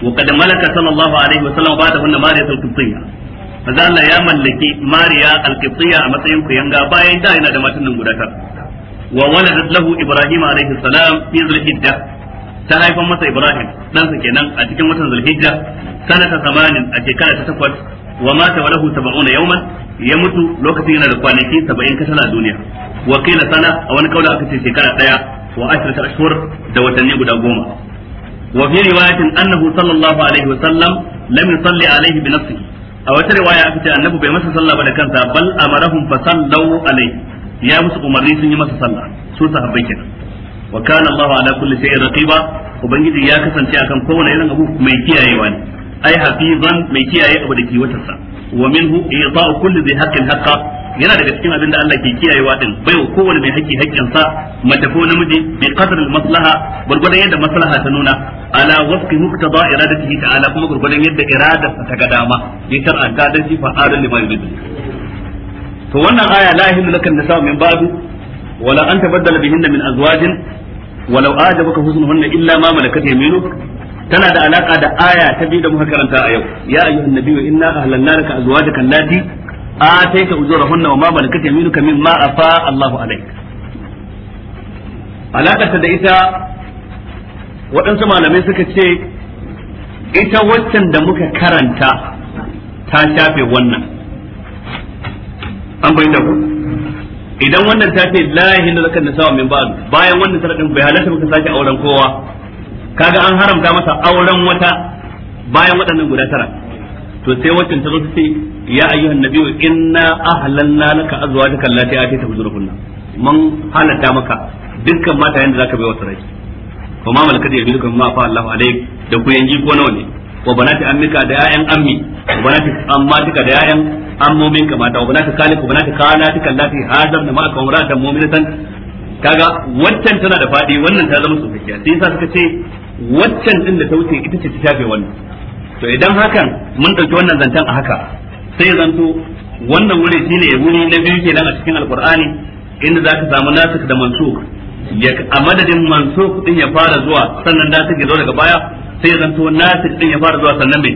wa kad malaka sallallahu alaihi wa sallam ba da hunna mariya al-qibtiyya maza Allah ya mallaki mariya al-qibtiyya a matsayin ku yanga bayan da yana da matan nan guda tar wa waladat lahu ibrahim alaihi salam fi zulhijja ta haifan masa ibrahim dan sa kenan a cikin watan zulhijja sanata samanin a shekara ta takwas wa mata wa lahu 70 yawman ya mutu lokacin yana da kwanaki 70 kasa a duniya wa kila sana a wani kaula aka ce shekara daya wa ashrata ashhur da watanni guda goma wa fi riwayatin annahu sallallahu alaihi a wata riwaya aka ce annabi bai masa sallah ba da kansa bal umarni sun yi masa sallah su sahabbai kenan ubangiji ya kasance akan kowane irin abu mai mai yana daga cikin abin da Allah ke kiyayewa din bai wa kowane mai haƙƙi haƙƙin sa mace ko namiji bi qadar al maslaha gurgurdan yadda maslaha ta nuna ala wafqi muqtada iradatihi ta'ala kuma gurgurdan yadda irada ta ga dama ya ta dan shi fa'alan lima yurid to wannan aya la yahillu lakan nisa min babu wala an tabaddala bihinna min azwajin walau ajabaka husnuhunna illa ma malakat yaminuk tana da alaka da aya ta biyu da muka karanta a yau ya ayyuhan nabiyyu inna ahlanna laka azwajaka allati آتيت أجورهن وما ملكت يمينك مما أفاء الله عليك alaƙarta da ita waɗansu malamai suka ce ita waccan da muka karanta ta shafe wannan an bai da ku idan wannan ta ce lahi na zakar nisa min ba'du bayan wannan sanadin bai halatta muka sake auren kowa kaga an haramta masa auren wata bayan waɗannan guda tara to sai wancan ta zo ta ce ya ayyuhan annabi inna ahlanna laka azwajaka allati atayta hujurahunna mun halatta maka dukkan mata yanda zaka bai wata rai ko ma da yaminukum ma fa Allahu alayk da ku yanji ko nawa ne ko banati ammika da yayan ammi ko banati tika da yayan ka mata ko banati khalik ko banati khalatika allati ma ma'aka umratan mu'minatan kaga wancan tana da fadi wannan ta zama sufiya sai yasa suka ce waccan din da ta wuce ita ce ta shafe wannan to idan hakan mun ɗauki wannan zancen a haka sai zanto wannan wuri shine wuri na biyu nan a cikin alqur'ani inda za ka samu nasik da mansuk ya a madadin mansuk din ya fara zuwa sannan nasik ya zo daga baya sai zan zanto nasik din ya fara zuwa sannan mai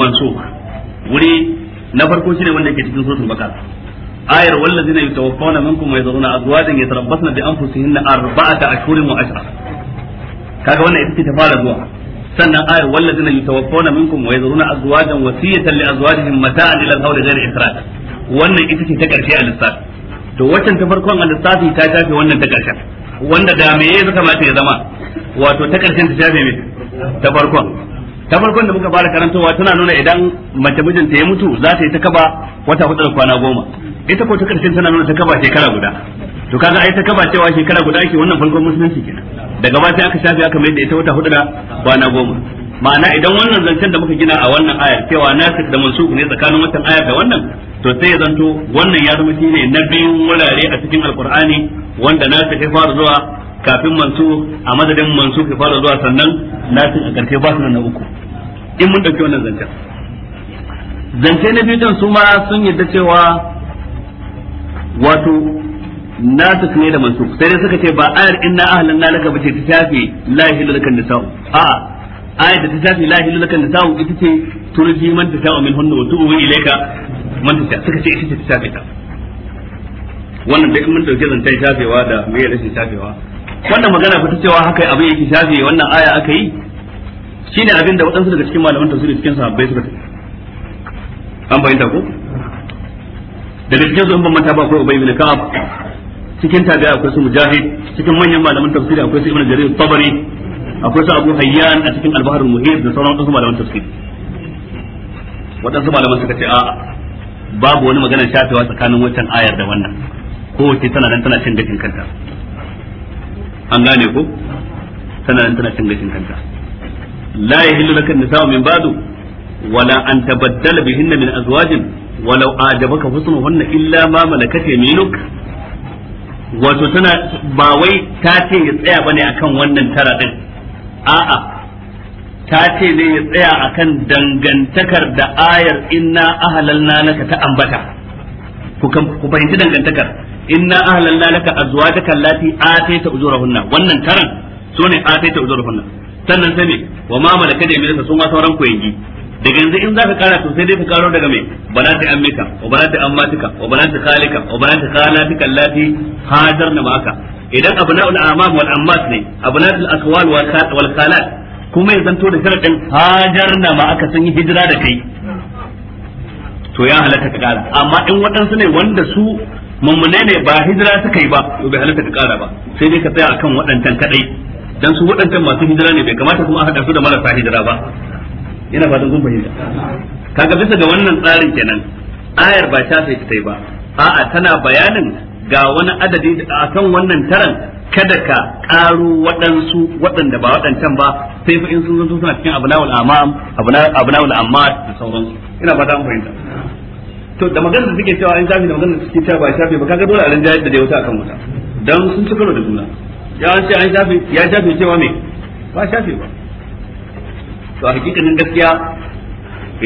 mansuk wuri na farko shine wanda yake cikin suratul baqara ayar na yatawaffawna minkum wa yadhuruna azwajan yatarabbasna bi anfusihinna arba'ata ashhurin wa ashra kaga wannan ita ce ta fara zuwa sannan ayar wallazina yutawaffawna minkum wa yazruna azwajan wasiyatan li azwajihim mata'an ila al-hawl ghayra ikhraj wannan ita ce ta karshe a lissafi to waccan ta farkon a lissafi ta shafe wannan ta karshen wanda da me ya kamata ya zama wato ta karshen ta shafe me ta farkon ta farkon da muka fara karantowa tana nuna idan mace mijinta ya mutu za ta yi ta kaba wata hudu kwana goma ita ko ta karshen tana nuna ta kaba shekara guda to kaga ai ta kaba cewa shekara guda ake wannan farkon musulunci kenan daga ba sai aka shafe aka mai da ita wata hudu da kwana goma ma'ana idan wannan zancen da muka gina a wannan ayar cewa nasik da mansuk ne tsakanin wannan aya da wannan to sai ya zanto wannan ya zama shine na biyu wurare a cikin alkur'ani wanda nasik ya fara zuwa kafin mansuk a madadin mansuk ya fara zuwa sannan nasik a karshe ba su na uku in mun dauki wannan zancen zance na biyu din su ma sun yadda cewa wato Na nasik ne da mansuk sai dai suka ce ba ayar inna ahlan na laka bace ta shafi la ilaha illa nisa'u a ayar da ta shafi la ilaha illa nisa'u ita ce turji man ta sha'u min hunna wa tu'u ilayka man ta suka ce ita ce ta shafi ta wannan da in mun dauke zantai shafewa da me rashin shafewa wannan magana fita cewa haka abin yake shafe wannan aya aka yi ne abin da waɗansu daga cikin malaman tafsiri cikin bai suka tafi an fahimta ko daga cikin su in ban manta ba akwai ubay bin ka'ab cikin tabi'a akwai su mujahid cikin manyan malaman tafsiri akwai su ibn jarir tabari akwai su abu hayyan a cikin al-bahr al-muhit da sauran wasu malaman tafsiri waɗansu malaman suka ce a'a babu wani magana shafewa tsakanin waccan ayar da wannan kowace tana nan tana cin gashin kanta an gane ko tana nan tana cin gashin kanta la yahillu lakan nisa'u min ba'du wala an tabaddala bihinna min azwajin ولو أعجبك حسنهن إلا ما ملكت يمينك wato tana ba wai ta ce ya tsaya ba ne akan wannan tara din a'a ta ce ne ya tsaya akan dangantakar da ayar inna ahlalna laka ta ambata ku fahimci dangantakar inna ahlalna laka azwajaka allati ataita Uzurahunna wannan taran ne ataita Uzurahunna sannan sai wa ma malaka da yamina sun ma sauran ku yangi daga yanzu in za ka kara sosai dai ka karo daga mai ta amika wa ta amatika wa ta khalika wa banati khalatika allati na maka idan abna'ul amam wal ammat ne abna'ul akwal wal khalat kuma ya zanto da sharadin hajarna maka sun yi hijira da kai to ya halatta ka kara amma in waɗansu ne wanda su mummune ne ba hijira suka yi ba to bai halatta ka kara ba sai dai ka tsaya akan waɗancan kadai dan su waɗantan masu hijira ne bai kamata kuma a haɗa su da marasa hijira ba yana fatan kun fahimta kaga bisa ga wannan tsarin kenan ayar ba ta sai ta ba a'a tana bayanin ga wani adadi a kan wannan taran kada ka karo waɗansu waɗanda ba waɗancan ba sai fa in sun zo suna cikin abna'ul amam abna'ul ammat da sauransu ina ba ta fahimta to da magana da suke cewa in shafi da magana da suke cewa ba shafi ba kaga dole a ran jayar da dai wuta akan wuta dan sun ci karo da juna ya an ce an shafi ya shafi cewa me ba shafi ba to a hakikanin gaskiya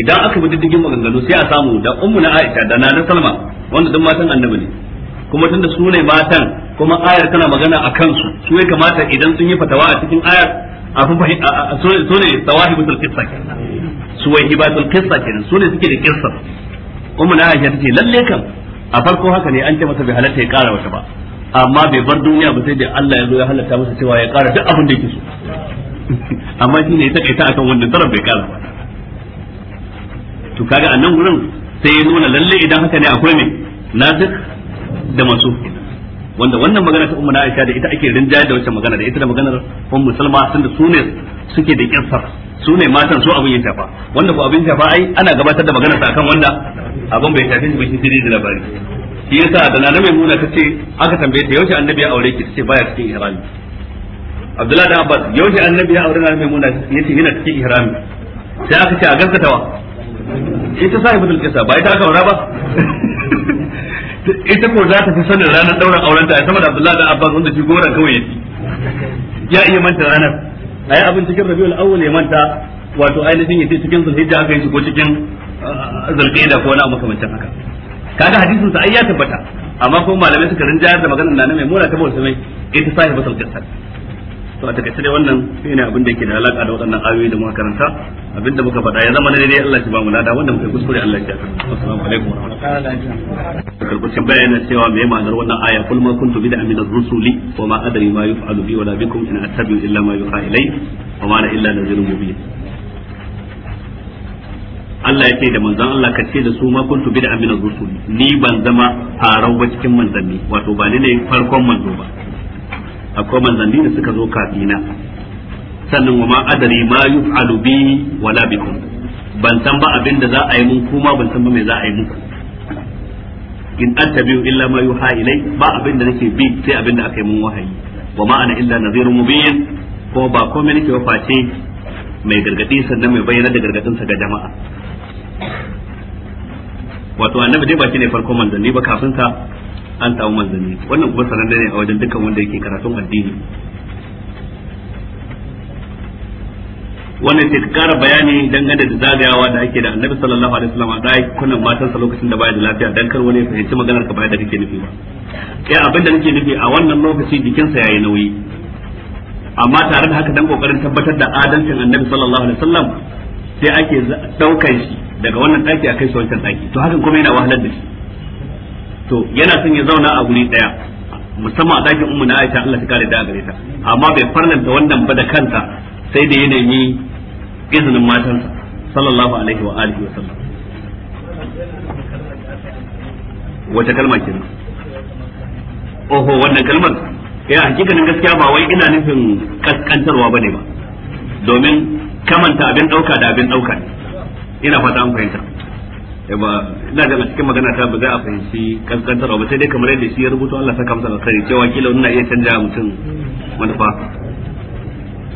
idan aka bi diddigin maganganu sai a samu da ummu na Aisha da na Salma wanda duk matan annabi ne kuma tunda su ne matan kuma ayar tana magana a kansu su ya kamata idan sun yi fatawa a cikin ayar a su ne sawahibatul qissa kenan su hibatul qissa kenan su ne suke da qissa ummu na Aisha tace lalle kan a farko haka ne an ce masa bai halatta ya kara wata ba amma bai bar duniya ba sai da Allah ya zo ya halatta masa cewa ya kara duk abin da yake so amma shi ne ya ta akan wannan taraf bai kara ba to kaga a nan wurin sai ya nuna lalle idan haka ne akwai ne nazik da masu wanda wannan magana ta ummu na Aisha da ita ake rinjaye da wacce magana da ita da maganar ummu Salma sun da sune suke da kissar sune matan su abin ya shafa wanda ko abin shafa ai ana gabatar da magana ta akan wanda abin bai tafi shi ba shi da labari shi yasa da nana mai muna tace aka tambaye ta yaushe annabi ya aure ki tace baya cikin ihrami abdullahi da abbas yaushe annabi ya aure na maimuna yace yana cikin ihrami sai aka ce a gaskatawa ita sahibatul qissa ba ita aka aura ba ita ko za ta fi sanin ranar dauran auren ta sama da abdullahi da abbas wanda shi goran kawai yake ya iya manta ranar ayi abin cikin rabiul awwal ya manta wato ainihin yace cikin zulhijja aka yi shi ko cikin ah, zulqa'ida ko wani abu makamancin haka kaga hadisin sa ai ya tabbata amma ko malamai suka rinjayar da maganar nan mai mura ta bawa sai ita sahibatul kisa to a takaice dai wannan shine abin da yake da alaka da waɗannan ayoyi da muka karanta abinda muka faɗa ya zama ne dai Allah ya ba mu lada wanda muka kuskure Allah ya tsare assalamu alaikum wa rahmatullahi karkashin bayanin cewa me ma'anar wannan aya kul ma kuntu ar-rusuli wa ma adri ma yuf'alu bi wala bikum in attabi'u illa ma yuha ilay wa ma ana illa nadhirun mubin Allah ya ce da manzon Allah ka ce da su ma kuntu bi min ar-rusuli ni ban zama farau ba cikin manzanni wato ba ni ne farkon manzo ba akwai manzanni da suka zo kafina sannan wa ma adari ma yuf'alu bi wala bikum ban san ba abin da za a yi mun kuma ban san ba me za a yi muku in attabi'u illa ma yuha ilai ba abin da nake bi sai abin da aka yi mun wahayi wa ma ana illa nadhirun mubin ko ba komai nake waface mai gargadi sannan mai bayyana da gargadin sa ga jama'a wato annabi dai baki ne farkon manzanni ba kafin sa an samu manzanni wannan kuma sananne ne a wajen dukkan wanda yake karatun addini wannan ce kara bayani dangane da zagayawa da ake da annabi sallallahu alaihi wasallam da kunan matan sa lokacin da baya da lafiya dan kar wani ya fahimci maganar ka baya da kake nufi ba eh abin da nake nufi a wannan lokaci sa yayi nauyi amma tare da haka dan kokarin tabbatar da adalcin annabi sallallahu alaihi wasallam sai ake daukar shi daga wannan daki a kai shi wancan daki to hakan kuma yana wahalar da shi to yana son ya zauna a guri daya musamman a dakin ummu na Aisha Allah ta kare da gare ta amma bai farlanta wannan ba da kanta sai da yanayi izinin matansa sallallahu alaihi wa alihi wa sallam wata kalma kenan oho wannan kalmar ya eh, hakikanin gaskiya ba wai ina nufin kaskantarwa bane ba domin kamanta abin dauka da abin dauka ina fata an fahimta ba ina da cikin magana ta ba za a fahimci kankantar ba sai dai kamar yadda shi ya rubuta Allah saka masa alkhairi cewa kila wannan iya canja mutum manufa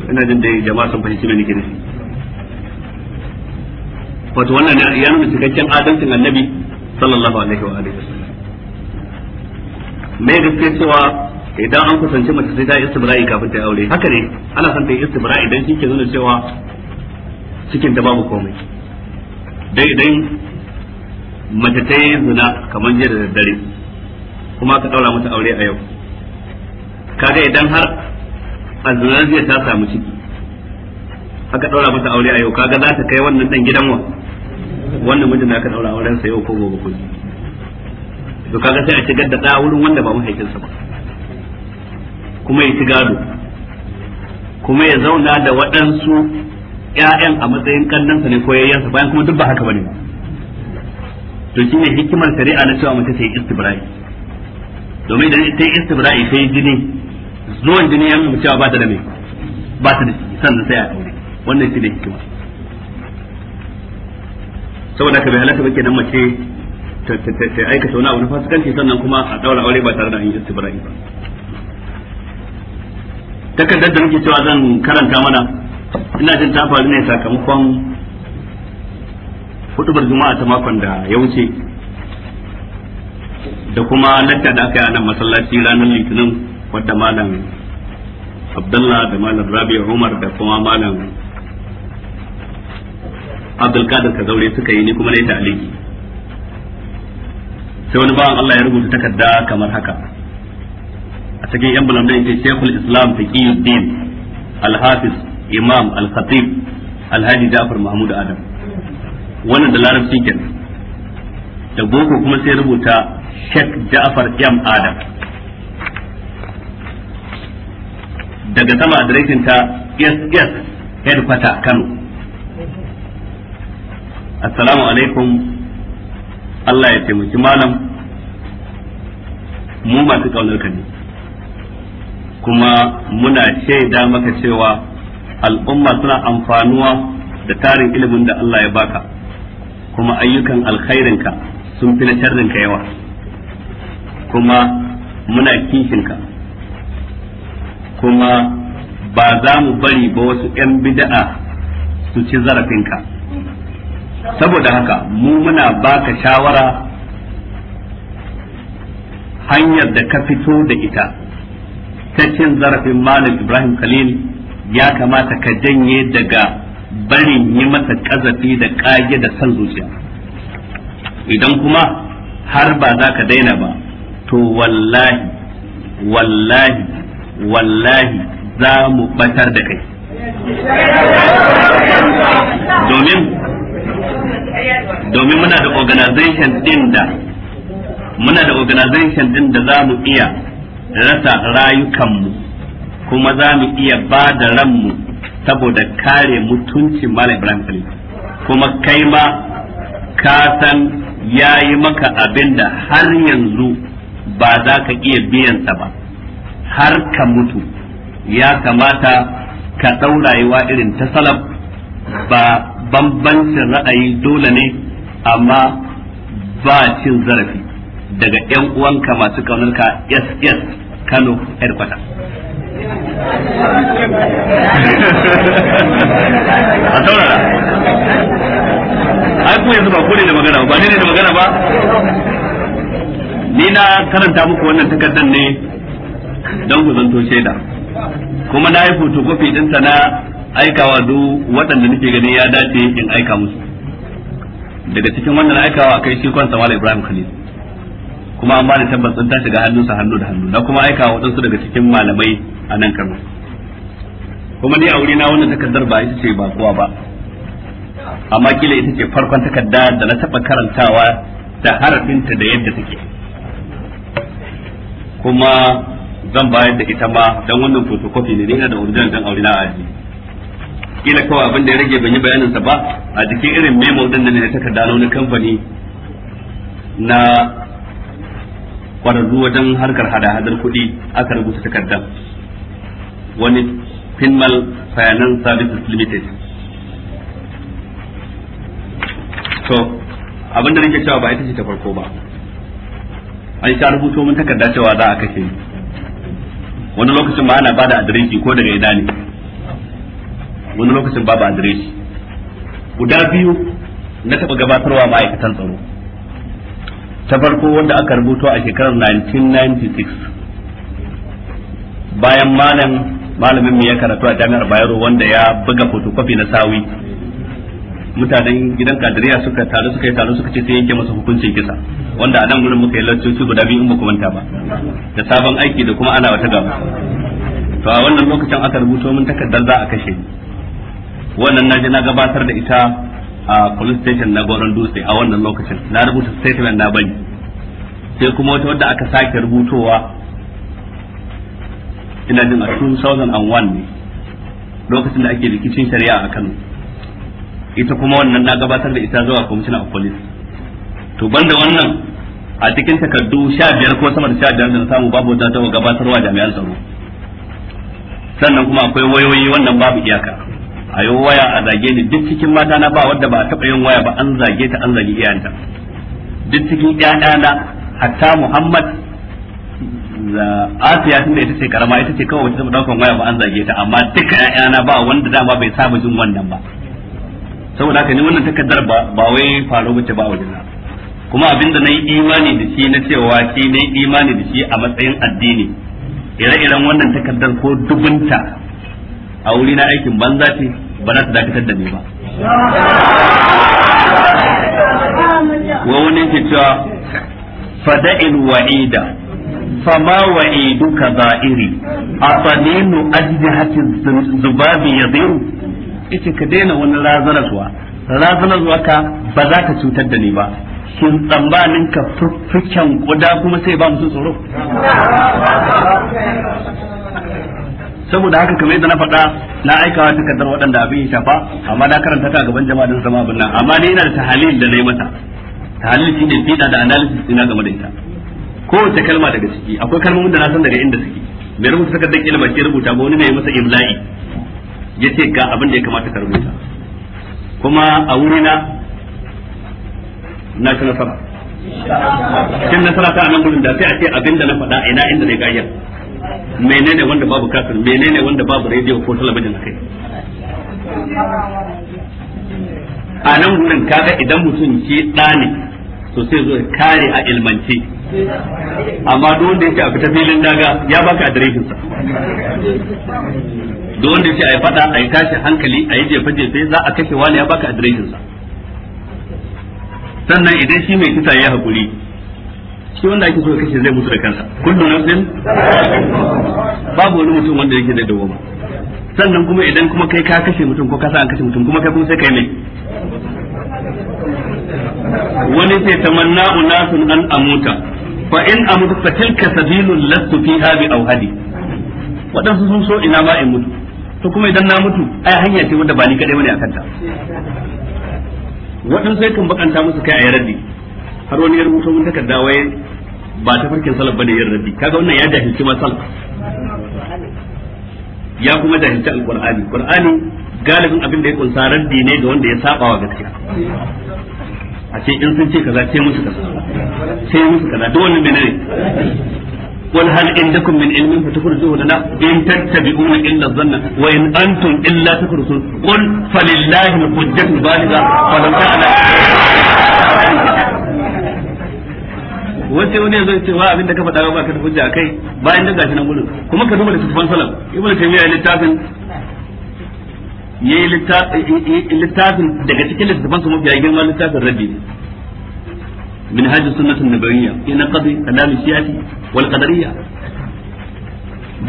ina jin da jama'a sun fahimci me nake nufi wato wannan ne ya nuna cikakken adalcin annabi sallallahu alaihi wa alihi wasallam me gaske cewa idan an kusance mace sai ta yi istibra'i kafin ta yi aure haka ne ana son ta yi istibra'i shi ke nuna cewa cikin ta babu komai dai idan mace ta yi zina kamar jiya da daddare kuma ka daura mata aure a yau kaga idan har a zinar jiya ta samu ciki aka daura mata aure a yau kaga za ta kai wannan dan gidan wa wannan mijin da aka daura auren sa yau ko gobe ko to kaga sai a shigar da da wurin wanda ba sa ba kuma ya ci gado kuma ya zauna da waɗansu ƴaƴan a matsayin kannansa ne ko yayyansa bayan kuma duk ba haka bane ba to ne hikimar shari'a na cewa mace sai istibra'i domin idan ta yi istibra'i sai jini zuwan jini ya mu cewa ba ta da mai ba ta da shi sannan sai a aure wannan shi ne hikima saboda ka bai halatta ba kenan mace ta aikata wani abu na fasikanci sannan kuma a daura aure ba tare da an yi istibra'i ba takardar da muke cewa zan karanta mana ina jin ta faru ne sakamakon hutubar juma'a ta makon da ya wuce da kuma latta da aka yi a nan masallaci ranar litinin wadda malam abdullah da malam rabi umar da kuma malam abdulkadir ka zaure suka yi ni kuma na yi ta'aliki sai wani bawan allah ya rubuta takarda kamar haka a cikin yan bulan da yake shekul islam kiyu din alhafiz imam al alhaji jafar mahmud adam wannan da larabci kenan da boko kuma sai rubuta Sheikh Ja'far M Adam daga sama adireshin ta SS headquarter Kano Assalamu alaikum Allah ya taimaki malam mu masu kaunar ka ne kuma muna shaida maka cewa al'umma suna amfanuwa da tarin ilimin da Allah ya baka kuma ayyukan alkhairinka sun fi na sharrinka yawa kuma muna kishinka kuma ba za mu bari ba wasu 'yan bida'a su ci zarafinka saboda haka mu muna baka shawara hanyar da ka fito da ita ta cin zarafin malam ibrahim khalil ya kamata ka janye daga barin yi masa kazafi da kage da san zuciya idan kuma har ba za ka daina ba to wallahi wallahi wallahi za mu batar da kai domin domin muna da organization din da muna da organization din da za mu iya rasa rayukanmu kuma za mu iya ba da ranmu saboda kare mutunci malam ibrahim kuma kai ma ka san yayi maka abin da har yanzu ba za ka iya biyan sa ba har ka mutu ya kamata ka ɗau rayuwa irin ta salaf ba bambancin ra'ayi dole ne amma ba cin zarafi daga 'yan uwanka masu ka yes yes kano kwata. a saurara ai kuma yanzu ba kone da magana ba ne ne da magana ba ni na karanta muku wannan takardar ne don ku zanto shaida kuma na yi fotokofi ɗinta na aikawa duk waɗanda nake ganin ya dace in aika musu daga cikin wannan aikawa akai shi kwansa mala ibrahim khalil kuma an bani tabbas ta shiga hannunsa hannu da hannu na kuma aika waɗansu daga cikin malamai a nan Kano kuma ni aure na wannan takardar ba ita ce ba kuwa ba amma kila ita ce farkon takarda da na taɓa karantawa da harafinta da yadda take kuma zan bayar da ita ma dan wannan photocopy ne ina da original dan aure na aji kila kawai abin da ya rage ban yi bayanin sa ba a jikin irin memo din da ne takarda na wani kamfani na kwararru wajen harkar hada-hadar kuɗi aka rubuta takarda wani Pinmal Finance Services Limited to abin da nake cewa ba ita ce ta farko ba an sha rubuto mun takarda cewa za a kashe wani lokacin ba ana bada adireshi ko daga ina ne wani lokacin ba ba adireshi guda biyu na taɓa gabatarwa ma'aikatan tsaro ta farko wanda aka rubuto a shekarar 1996 bayan malam malamin mu ya karatu a jami'ar Bayero wanda ya buga photocopy na sawi mutanen gidan kadiriya suka taru suka yi taru suka ce sai yanke masa hukuncin kisa wanda a nan gurin muka yi su guda biyu in ba manta ba da sabon aiki da kuma ana wata gaba to a wannan lokacin aka rubuto min takardar za a kashe ni wannan na je na gabatar da ita a police station na goron dutse a wannan lokacin na rubuta statement na bani sai kuma wata wadda aka sake rubutowa ina jin a 2001 ne lokacin da ake rikicin shari'a a Kano ita kuma wannan na gabatar da ita zuwa komishin of police to banda wannan a cikin takardu sha biyar ko sama da sha biyar da na samu babu wata ta gabatarwa jami'an tsaro sannan kuma akwai wayoyi wannan babu iyaka a yi waya a zage ni duk cikin mata na ba wadda ba a taɓa yin waya ba an zage ta an zage iyayenta duk cikin na hatta Muhammad da Asiya tun da ita ce karama ita ce kawai wacce ta daukan waya ba an zage ta amma duka na ba wanda dama bai saba jin wannan ba saboda haka ni wannan takardar ba ba wai faro bace ba wajen kuma abinda nayi imani da shi na cewa shi nayi imani da shi a matsayin addini ire-iren wannan takardar ko dubunta a wuri na aikin banza ce ba za ta dakatar da ni ba wa wani ke cewa fada'il wa'ida fama wa'idu ka za'iri a tsaninu hakin zubabi ya zai? ita ka daina wani razanarwa razanarwa ka ba za ka cutar da ni ba shin tsammanin ka fikken kuda kuma sai ba musu tsoro saboda haka kamar yadda na faɗa na aikawa takardar waɗanda abin ya shafa amma na karanta ta gaban jama'a don zama abin nan amma ni yana da tahalil da na yi mata tahalil shine fiɗa da analysis ina game da ita kowace kalma daga ciki akwai kalmomin da na san daga inda suke mai rubuta takardar ilma ke rubuta ba wani ne ya masa imla'i yace ga abin da ya kamata ka rubuta kuma a wurina na ci nasara cin nasara ta nan gudun da sai a ce abin da na faɗa ina inda ne gayyar menene wanda babu kasar menene wanda babu rediyo ko talabijin kai a nan wurin kaga idan mutum ke ɗa ne to sai zo kare a ilmance amma duk wanda yake a fita filin daga ya baka adireshin sa duk wanda yake a fada a tashi hankali a yi jefa jefe za a kashe wani ya baka adireshin sa sannan idan shi mai kisa ya haƙuri shi wanda ake so kace zai mutu da kansa kullu nafsin babu wani mutum wanda yake da dawoma sannan kuma idan kuma kai ka kashe mutum ko ka sa an kashe mutum kuma kai kuma sai kai mai wani sai tamanna unasun an amuta fa in amutu fa tilka sabilun lastu fiha bi awhadi wadansu sun so ina ma in mutu to kuma idan na mutu ai hanya ce wanda ba ni kadai bane akan ta wadansu sai kan bakanta musu kai a yaradi har wani yar mutum da kadda waye ba ta farkin salaf bane yar rabbi kaga wannan ya jahilci ma salaf ya kuma jahilci alqur'ani qur'ani galibin abin da ya kunsa raddi ne da wanda ya saba wa gaskiya a ce in sun ce kaza sai musu kaza sai musu kaza duk wannan menene wal hal indakum min ilmin fatakhruju lana in tattabi'una illa dhanna wa in antum illa takhrusun qul falillahi al-hujjatu al-baligha qul ta'ala wace wani yanzu ce wa abin da ka faɗa ba ka da hujja kai bayan da gashi nan gurin kuma ka duba littafin salaf ibnu taymiya littafin yayi littafin daga cikin littafin su mafiya girma littafin rabbi min hajji sunnatin nabawiyya ina qadi kalam shiyati wal qadariyya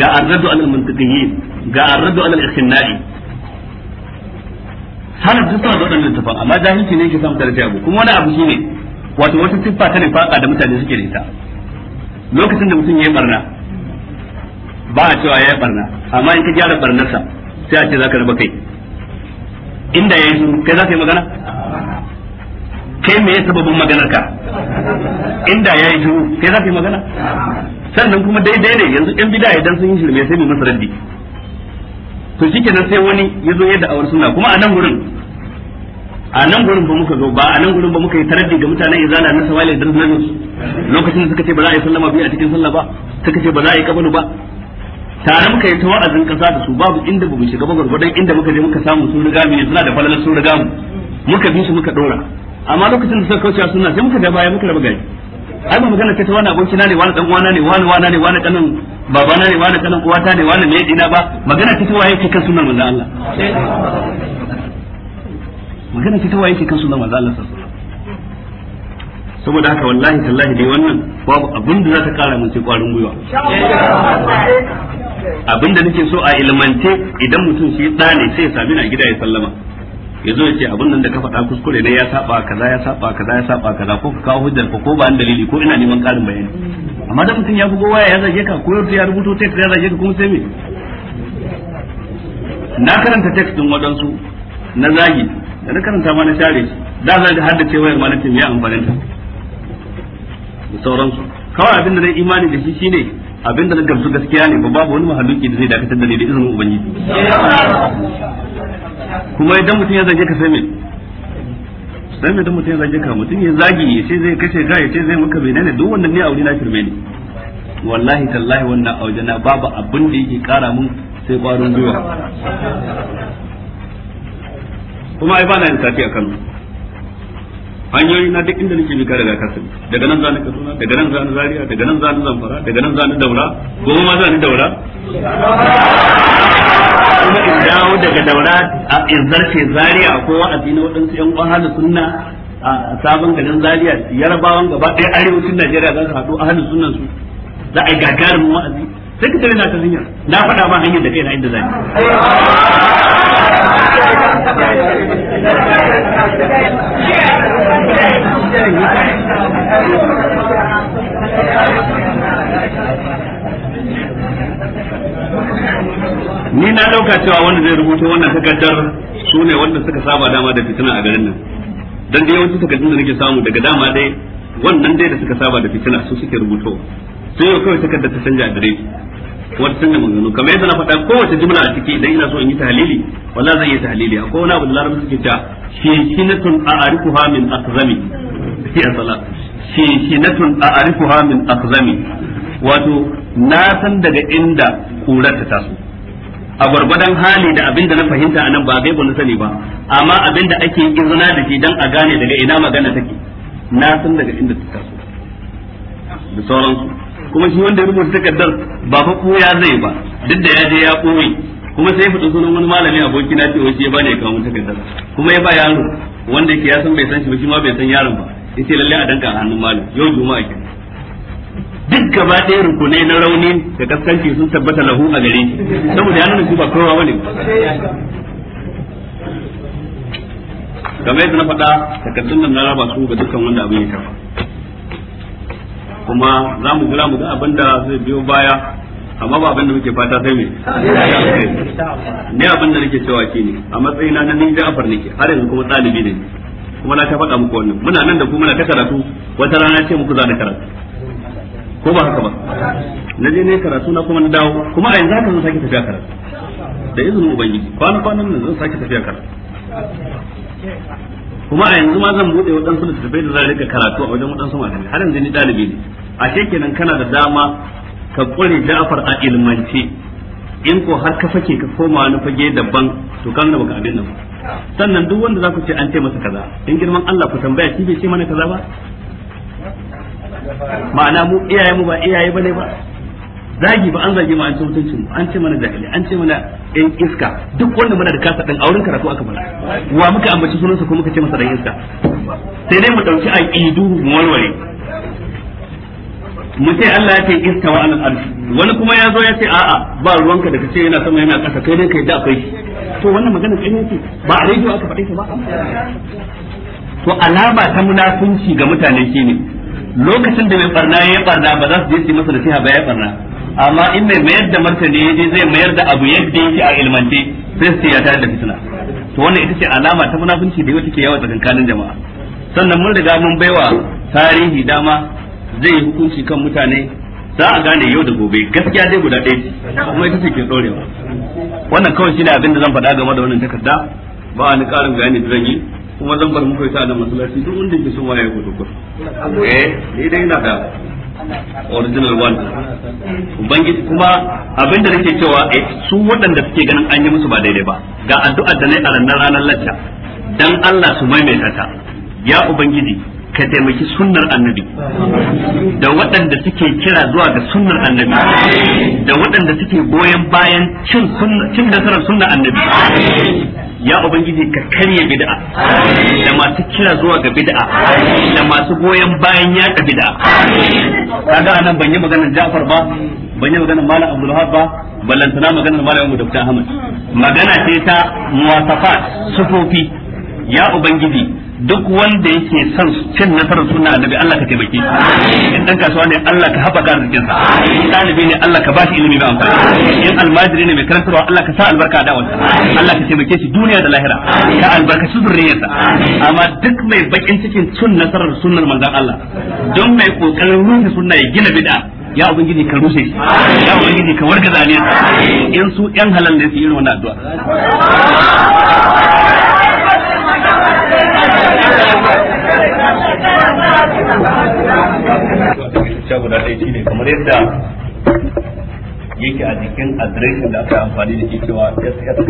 ga arradu al mantiqiyyin ga arradu al ikhnai salaf duk suna da waɗannan littafin amma jahilci ne ke samu tarjiya kuma wani abu shine wato wata siffa ta nifaka da mutane suke da ita lokacin da mutum ya yi barna ba a cewa ya yi barna amma in ka gyara barnarsa sai a ce za ka raba kai inda ya yi su kai za ka yi magana kai me ya sababin maganar ka inda ya yi su kai za ka yi magana sannan kuma daidai ne yanzu yan bida idan sun yi shirme sai mu masa raddi to shikenan sai wani ya zo yadda a wani suna kuma a nan gurin a nan gurin ba muka zo ba a nan gurin ba muka yi taraddi ga mutane mutanen izala na sawali da nan lokacin da suka ce ba za a yi sallama biyu a cikin sallah ba suka ce ba za a yi kabalu ba tare muka yi ta wa'azin kasa da su babu inda ba mu shiga ba gurgurdan inda muka je muka samu sun riga mu suna da falalar sun riga mu muka bi su muka dora amma lokacin da suka kauce suna sai muka da baya muka raba gari ai ba magana ta wani aboki na ne wani dan uwana ne wani wana ne wani kanin babana ne wani kanin uwata ne wani mai dina ba magana ta waye kan sunan manzon Allah magana ce ta waye ke kan sunan manzo Allah sallallahu alaihi wasallam saboda haka wallahi tallahi dai wannan babu abin da za ta kara mun ce kwarin gwiwa abin da nake so a ilmante idan mutum shi da ne sai ya sami na gida ya sallama ya zo ya ce abin nan da ka faɗa kuskure ne ya saba kaza ya saba kaza ya saba kaza ko ka kawo hujjar ka ko ba an dalili ko ina neman ƙarin bayani amma da mutum ya bugo waya ya zage ka ko ya rubuto text ya zage ka kuma sai me na karanta text din waɗansu na zagi da na karanta ma na share da za ga haddace wayar ma na ce ya amfani ta da sauransu kawai abin da na imani da shi shine abin da na gamsu gaskiya ne ba babu wani mahaluki da zai dakatar da ni da izinin ubangiji kuma idan mutum ya zage ka sai me sai me idan mutum ya zage ka mutum ya zagi ya ce zai kace ga ya ce zai maka ne duk wannan ne aure na firme ne wallahi tallahi wannan aure na babu abin da yake kara mun sai kwarin gwiwa kuma ai na yin sati a Kano hanyoyi na duk inda nake bi ka daga kasin daga nan zani Katsina daga nan zani Zaria daga nan zani Zamfara daga nan zani Daura goma ma zani Daura kuma in dawo daga Daura a izarce Zaria ko wa'azi na waɗansu ƴan hali sunna a sabon garin Zaria Yarabawan gaba ɗaya arewacin Najeriya za su haɗu ahalin sunnan su za a yi gagarumin wa'azi sai ka tare na ta hanyar na faɗa ma hanyar da kai na inda zani ni na dauka cewa wanda zai rubuta wannan takardar su ne wanda suka saba dama da fitina a garin nan dan da yawancin takardun da nake samu daga dama dai wannan dai da suka saba da fitina su suke rubuto sai yau kawai takardar ta canja a dare wata canza maganganu kamar yadda na faɗa kowace jumla a ciki idan ina so in yi tahlili wallahi zan yi tahlili akwai wani abu da larabci suke cewa shishinatun a'arifuha min akzami ya sala shishinatun a'arifuha min akzami wato na san daga inda kurar ta taso a gwargwadon hali da abin da na fahimta anan ba gaibu na sani ba amma abin da ake izina da shi dan a gane daga ina magana take na san daga inda ta taso da sauransu kuma shi wanda ya rubuta takardar ba fa ko ya zai ba duk da ya je ya koyi kuma sai faɗi sunan wani malami aboki na cewa shi ya bani ya kawo mun takardar kuma ya ba yaro wanda yake ya san bai san shi ba shi ma bai san yaron ba yace lalle a danka hannun malam yau juma'a kenan duk gaba ɗaya rukunai na rauni da kaskanci sun tabbata lahu a gare shi saboda ya nuna su ba kowa bane kamar yadda na faɗa takardun nan na raba su ga dukkan wanda abin ya shafa kuma za mu jira mu ga abin da zai biyo baya amma ba abin da muke fata sai me ne abin da nake cewa ne a matsayina na ni Ja'far nake har yanzu kuma ɗalibi ne kuma na ta faɗa muku wannan muna nan da ku muna ta karatu wata rana ce muku za da karatu ko ba haka ba na je ne karatu na kuma na dawo kuma a yanzu haka zan sake tafiya karatu da izinin ubangiji kwana kwanan nan zan sake tafiya karatu kuma a yanzu ma zan bude waɗansu littattafai da za rika karatu a wajen waɗansu malamai har yanzu ni ɗalibi ne a shekenan kana da dama ka ƙware Ja'far a ilmance in ko har ka fake ka koma wani fage daban to kan baka abin nan sannan duk wanda za ku ce an ce masa kaza in girman Allah ku tambaya shi bai ce mana kaza ba ma'ana mu iyaye mu ba iyaye bane ba zagi ba an zagi ma an ce mutuncin an ce mana jahili an ce mana yan iska duk wanda muna da kasa din auren karatu aka fara wa muka ambaci sunansa ko muka ce masa da iska sai dai mu dauki idu mu warware mu ce Allah ya ce iska wa alal arshi wani kuma ya zo ya ce a'a ba ruwanka da kace yana sama yana kasa kai dai kai da akwai to wannan magana kai ce ba a rediyo aka faɗe ta ba to alama ta munafunci ga mutane shine lokacin da mai barna ya barna ba za su je su masa nasiha ba ya barna amma in mai mayar da martani yaje zai mayar da abu yadda yake a ilmante sai su yata da fitina to wannan ita ce alama ta munafunci da yau take yawa tsakankanin jama'a sannan mun riga mun baiwa tarihi dama zai yi hukunci kan mutane za a gane yau da gobe gaskiya dai guda ɗaya ce kuma ita ce ke ɗorewa wannan kawai shi ne abin da zan faɗa game da wannan takarda ba ni ƙarin bayani da zan yi kuma zan bar muku ita da duk wanda ke so waye ya yi eh ni dai ina da original one ubangiji kuma abin abinda nake cewa eh, su waɗanda suke ganin an yi musu ba daidai ba ga addu'ar da nayi a ranar ranar lacca dan Allah su maimaita ta ya ubangiji ka taimaki sunnar annabi da waɗanda suke kira zuwa ga sunnar annabi da waɗanda suke goyon bayan cin nasarar sunnar annabi ya ubangiji ka karya bid'a da masu kira zuwa ga bid'a da masu goyon bayan yaka bid'a kaga anan ban yi magana Ja'far ba ban yi maganar Malam Abdul Wahab ba ballantana maganar Malam Dr. Ahmad magana ce ta muwasafat sufofi ya ubangiji duk wanda yake son cin nasarar suna annabi Allah ka taimake shi in dan kasuwa ne Allah ka haɓaka arzikin sa ɗalibi ne Allah ka bashi ilimi mai amfani in almajiri ne mai karantarwa Allah ka sa albarka a dawarsa Allah ka taimake shi duniya da lahira ka albarka albarkaci sa amma duk mai bakin cikin cin nasarar sunnar manzon Allah don mai kokarin rufe sunna ya gina bid'a ya ubangiji ka rushe shi ya ubangiji ka warga zane in su yan halal ne su yi wannan addu'a cuta guda ɗaya shi ne kamar yadda yake a jikin adireshin da aka amfani da shi cewa ss kano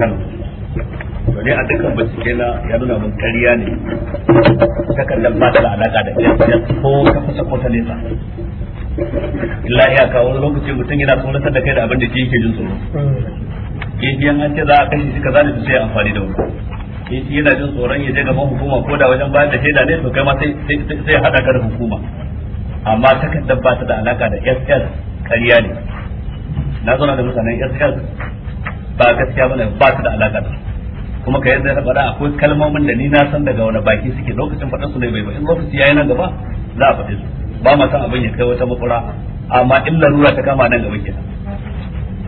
to ne a dukkan bincike na ya nuna mun kariya ne takardar ba ta da alaƙa da ss ko ta kusa ko ta nesa illa kawo wani lokaci mutum yana tsoratar da kai da abin da ke yake jin tsoro ke biyan an ce za a kashe shi kaza da su sai amfani da wani yana jin tsoron ya je gaban hukuma ko da wajen bayar da shaida ne to kai ma sai sai hada ka da hukuma amma takardar ba ta da alaka da SS ƙarya ne na zauna da mutanen SS ba gaskiya bane ba ta da alaka da kuma kai yadda ya faɗa akwai kalmomin da ni na san daga wani baki suke lokacin faɗan su ne bai ba in lokaci yayi nan gaba za a faɗe su ba ma san abin ya kai wata makura amma in lura ta kama nan gaba kenan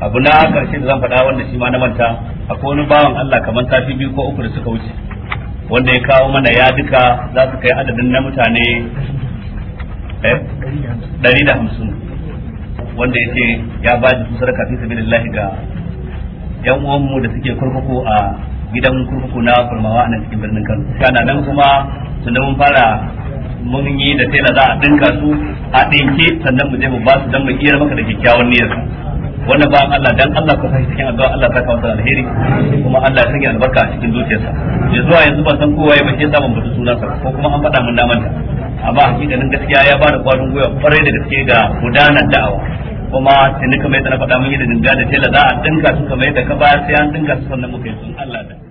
abu na karshe da zan faɗa wanda shi ma na manta akwai wani bawan Allah kamar sati biyu ko uku da suka wuce wanda ya kawo mana ya duka za su kai adadin na mutane eh, ɗari da hamsin wanda ya ce ya ba da su sadaka fi sabilillahi ga yan uwanmu da suke kurkuku a gidan kurkuku na kurmawa a nan cikin birnin Kano kana nan kuma tunda mun fara mun yi da sai za a dinka su a dinke sannan mu je mu ba su dan mu iya maka da kyakkyawan niyyar wannan ba Allah dan Allah ka sai cikin addu'a Allah saka masa alheri kuma Allah ya sanya albarka a cikin zuciyarsa ya zuwa yanzu ban san kowa ya bace samun sunan sa ko kuma an faɗa mun da. manta amma hakikanin gaskiya ya bada kwarin gwiwa kwarai da gaske ga gudanar da'awa kuma tuni kamar yadda na faɗa mun yi da dinga da tela za a dinka su kamar yadda ka ba sai an dinka su sannan muka yi sun Allah da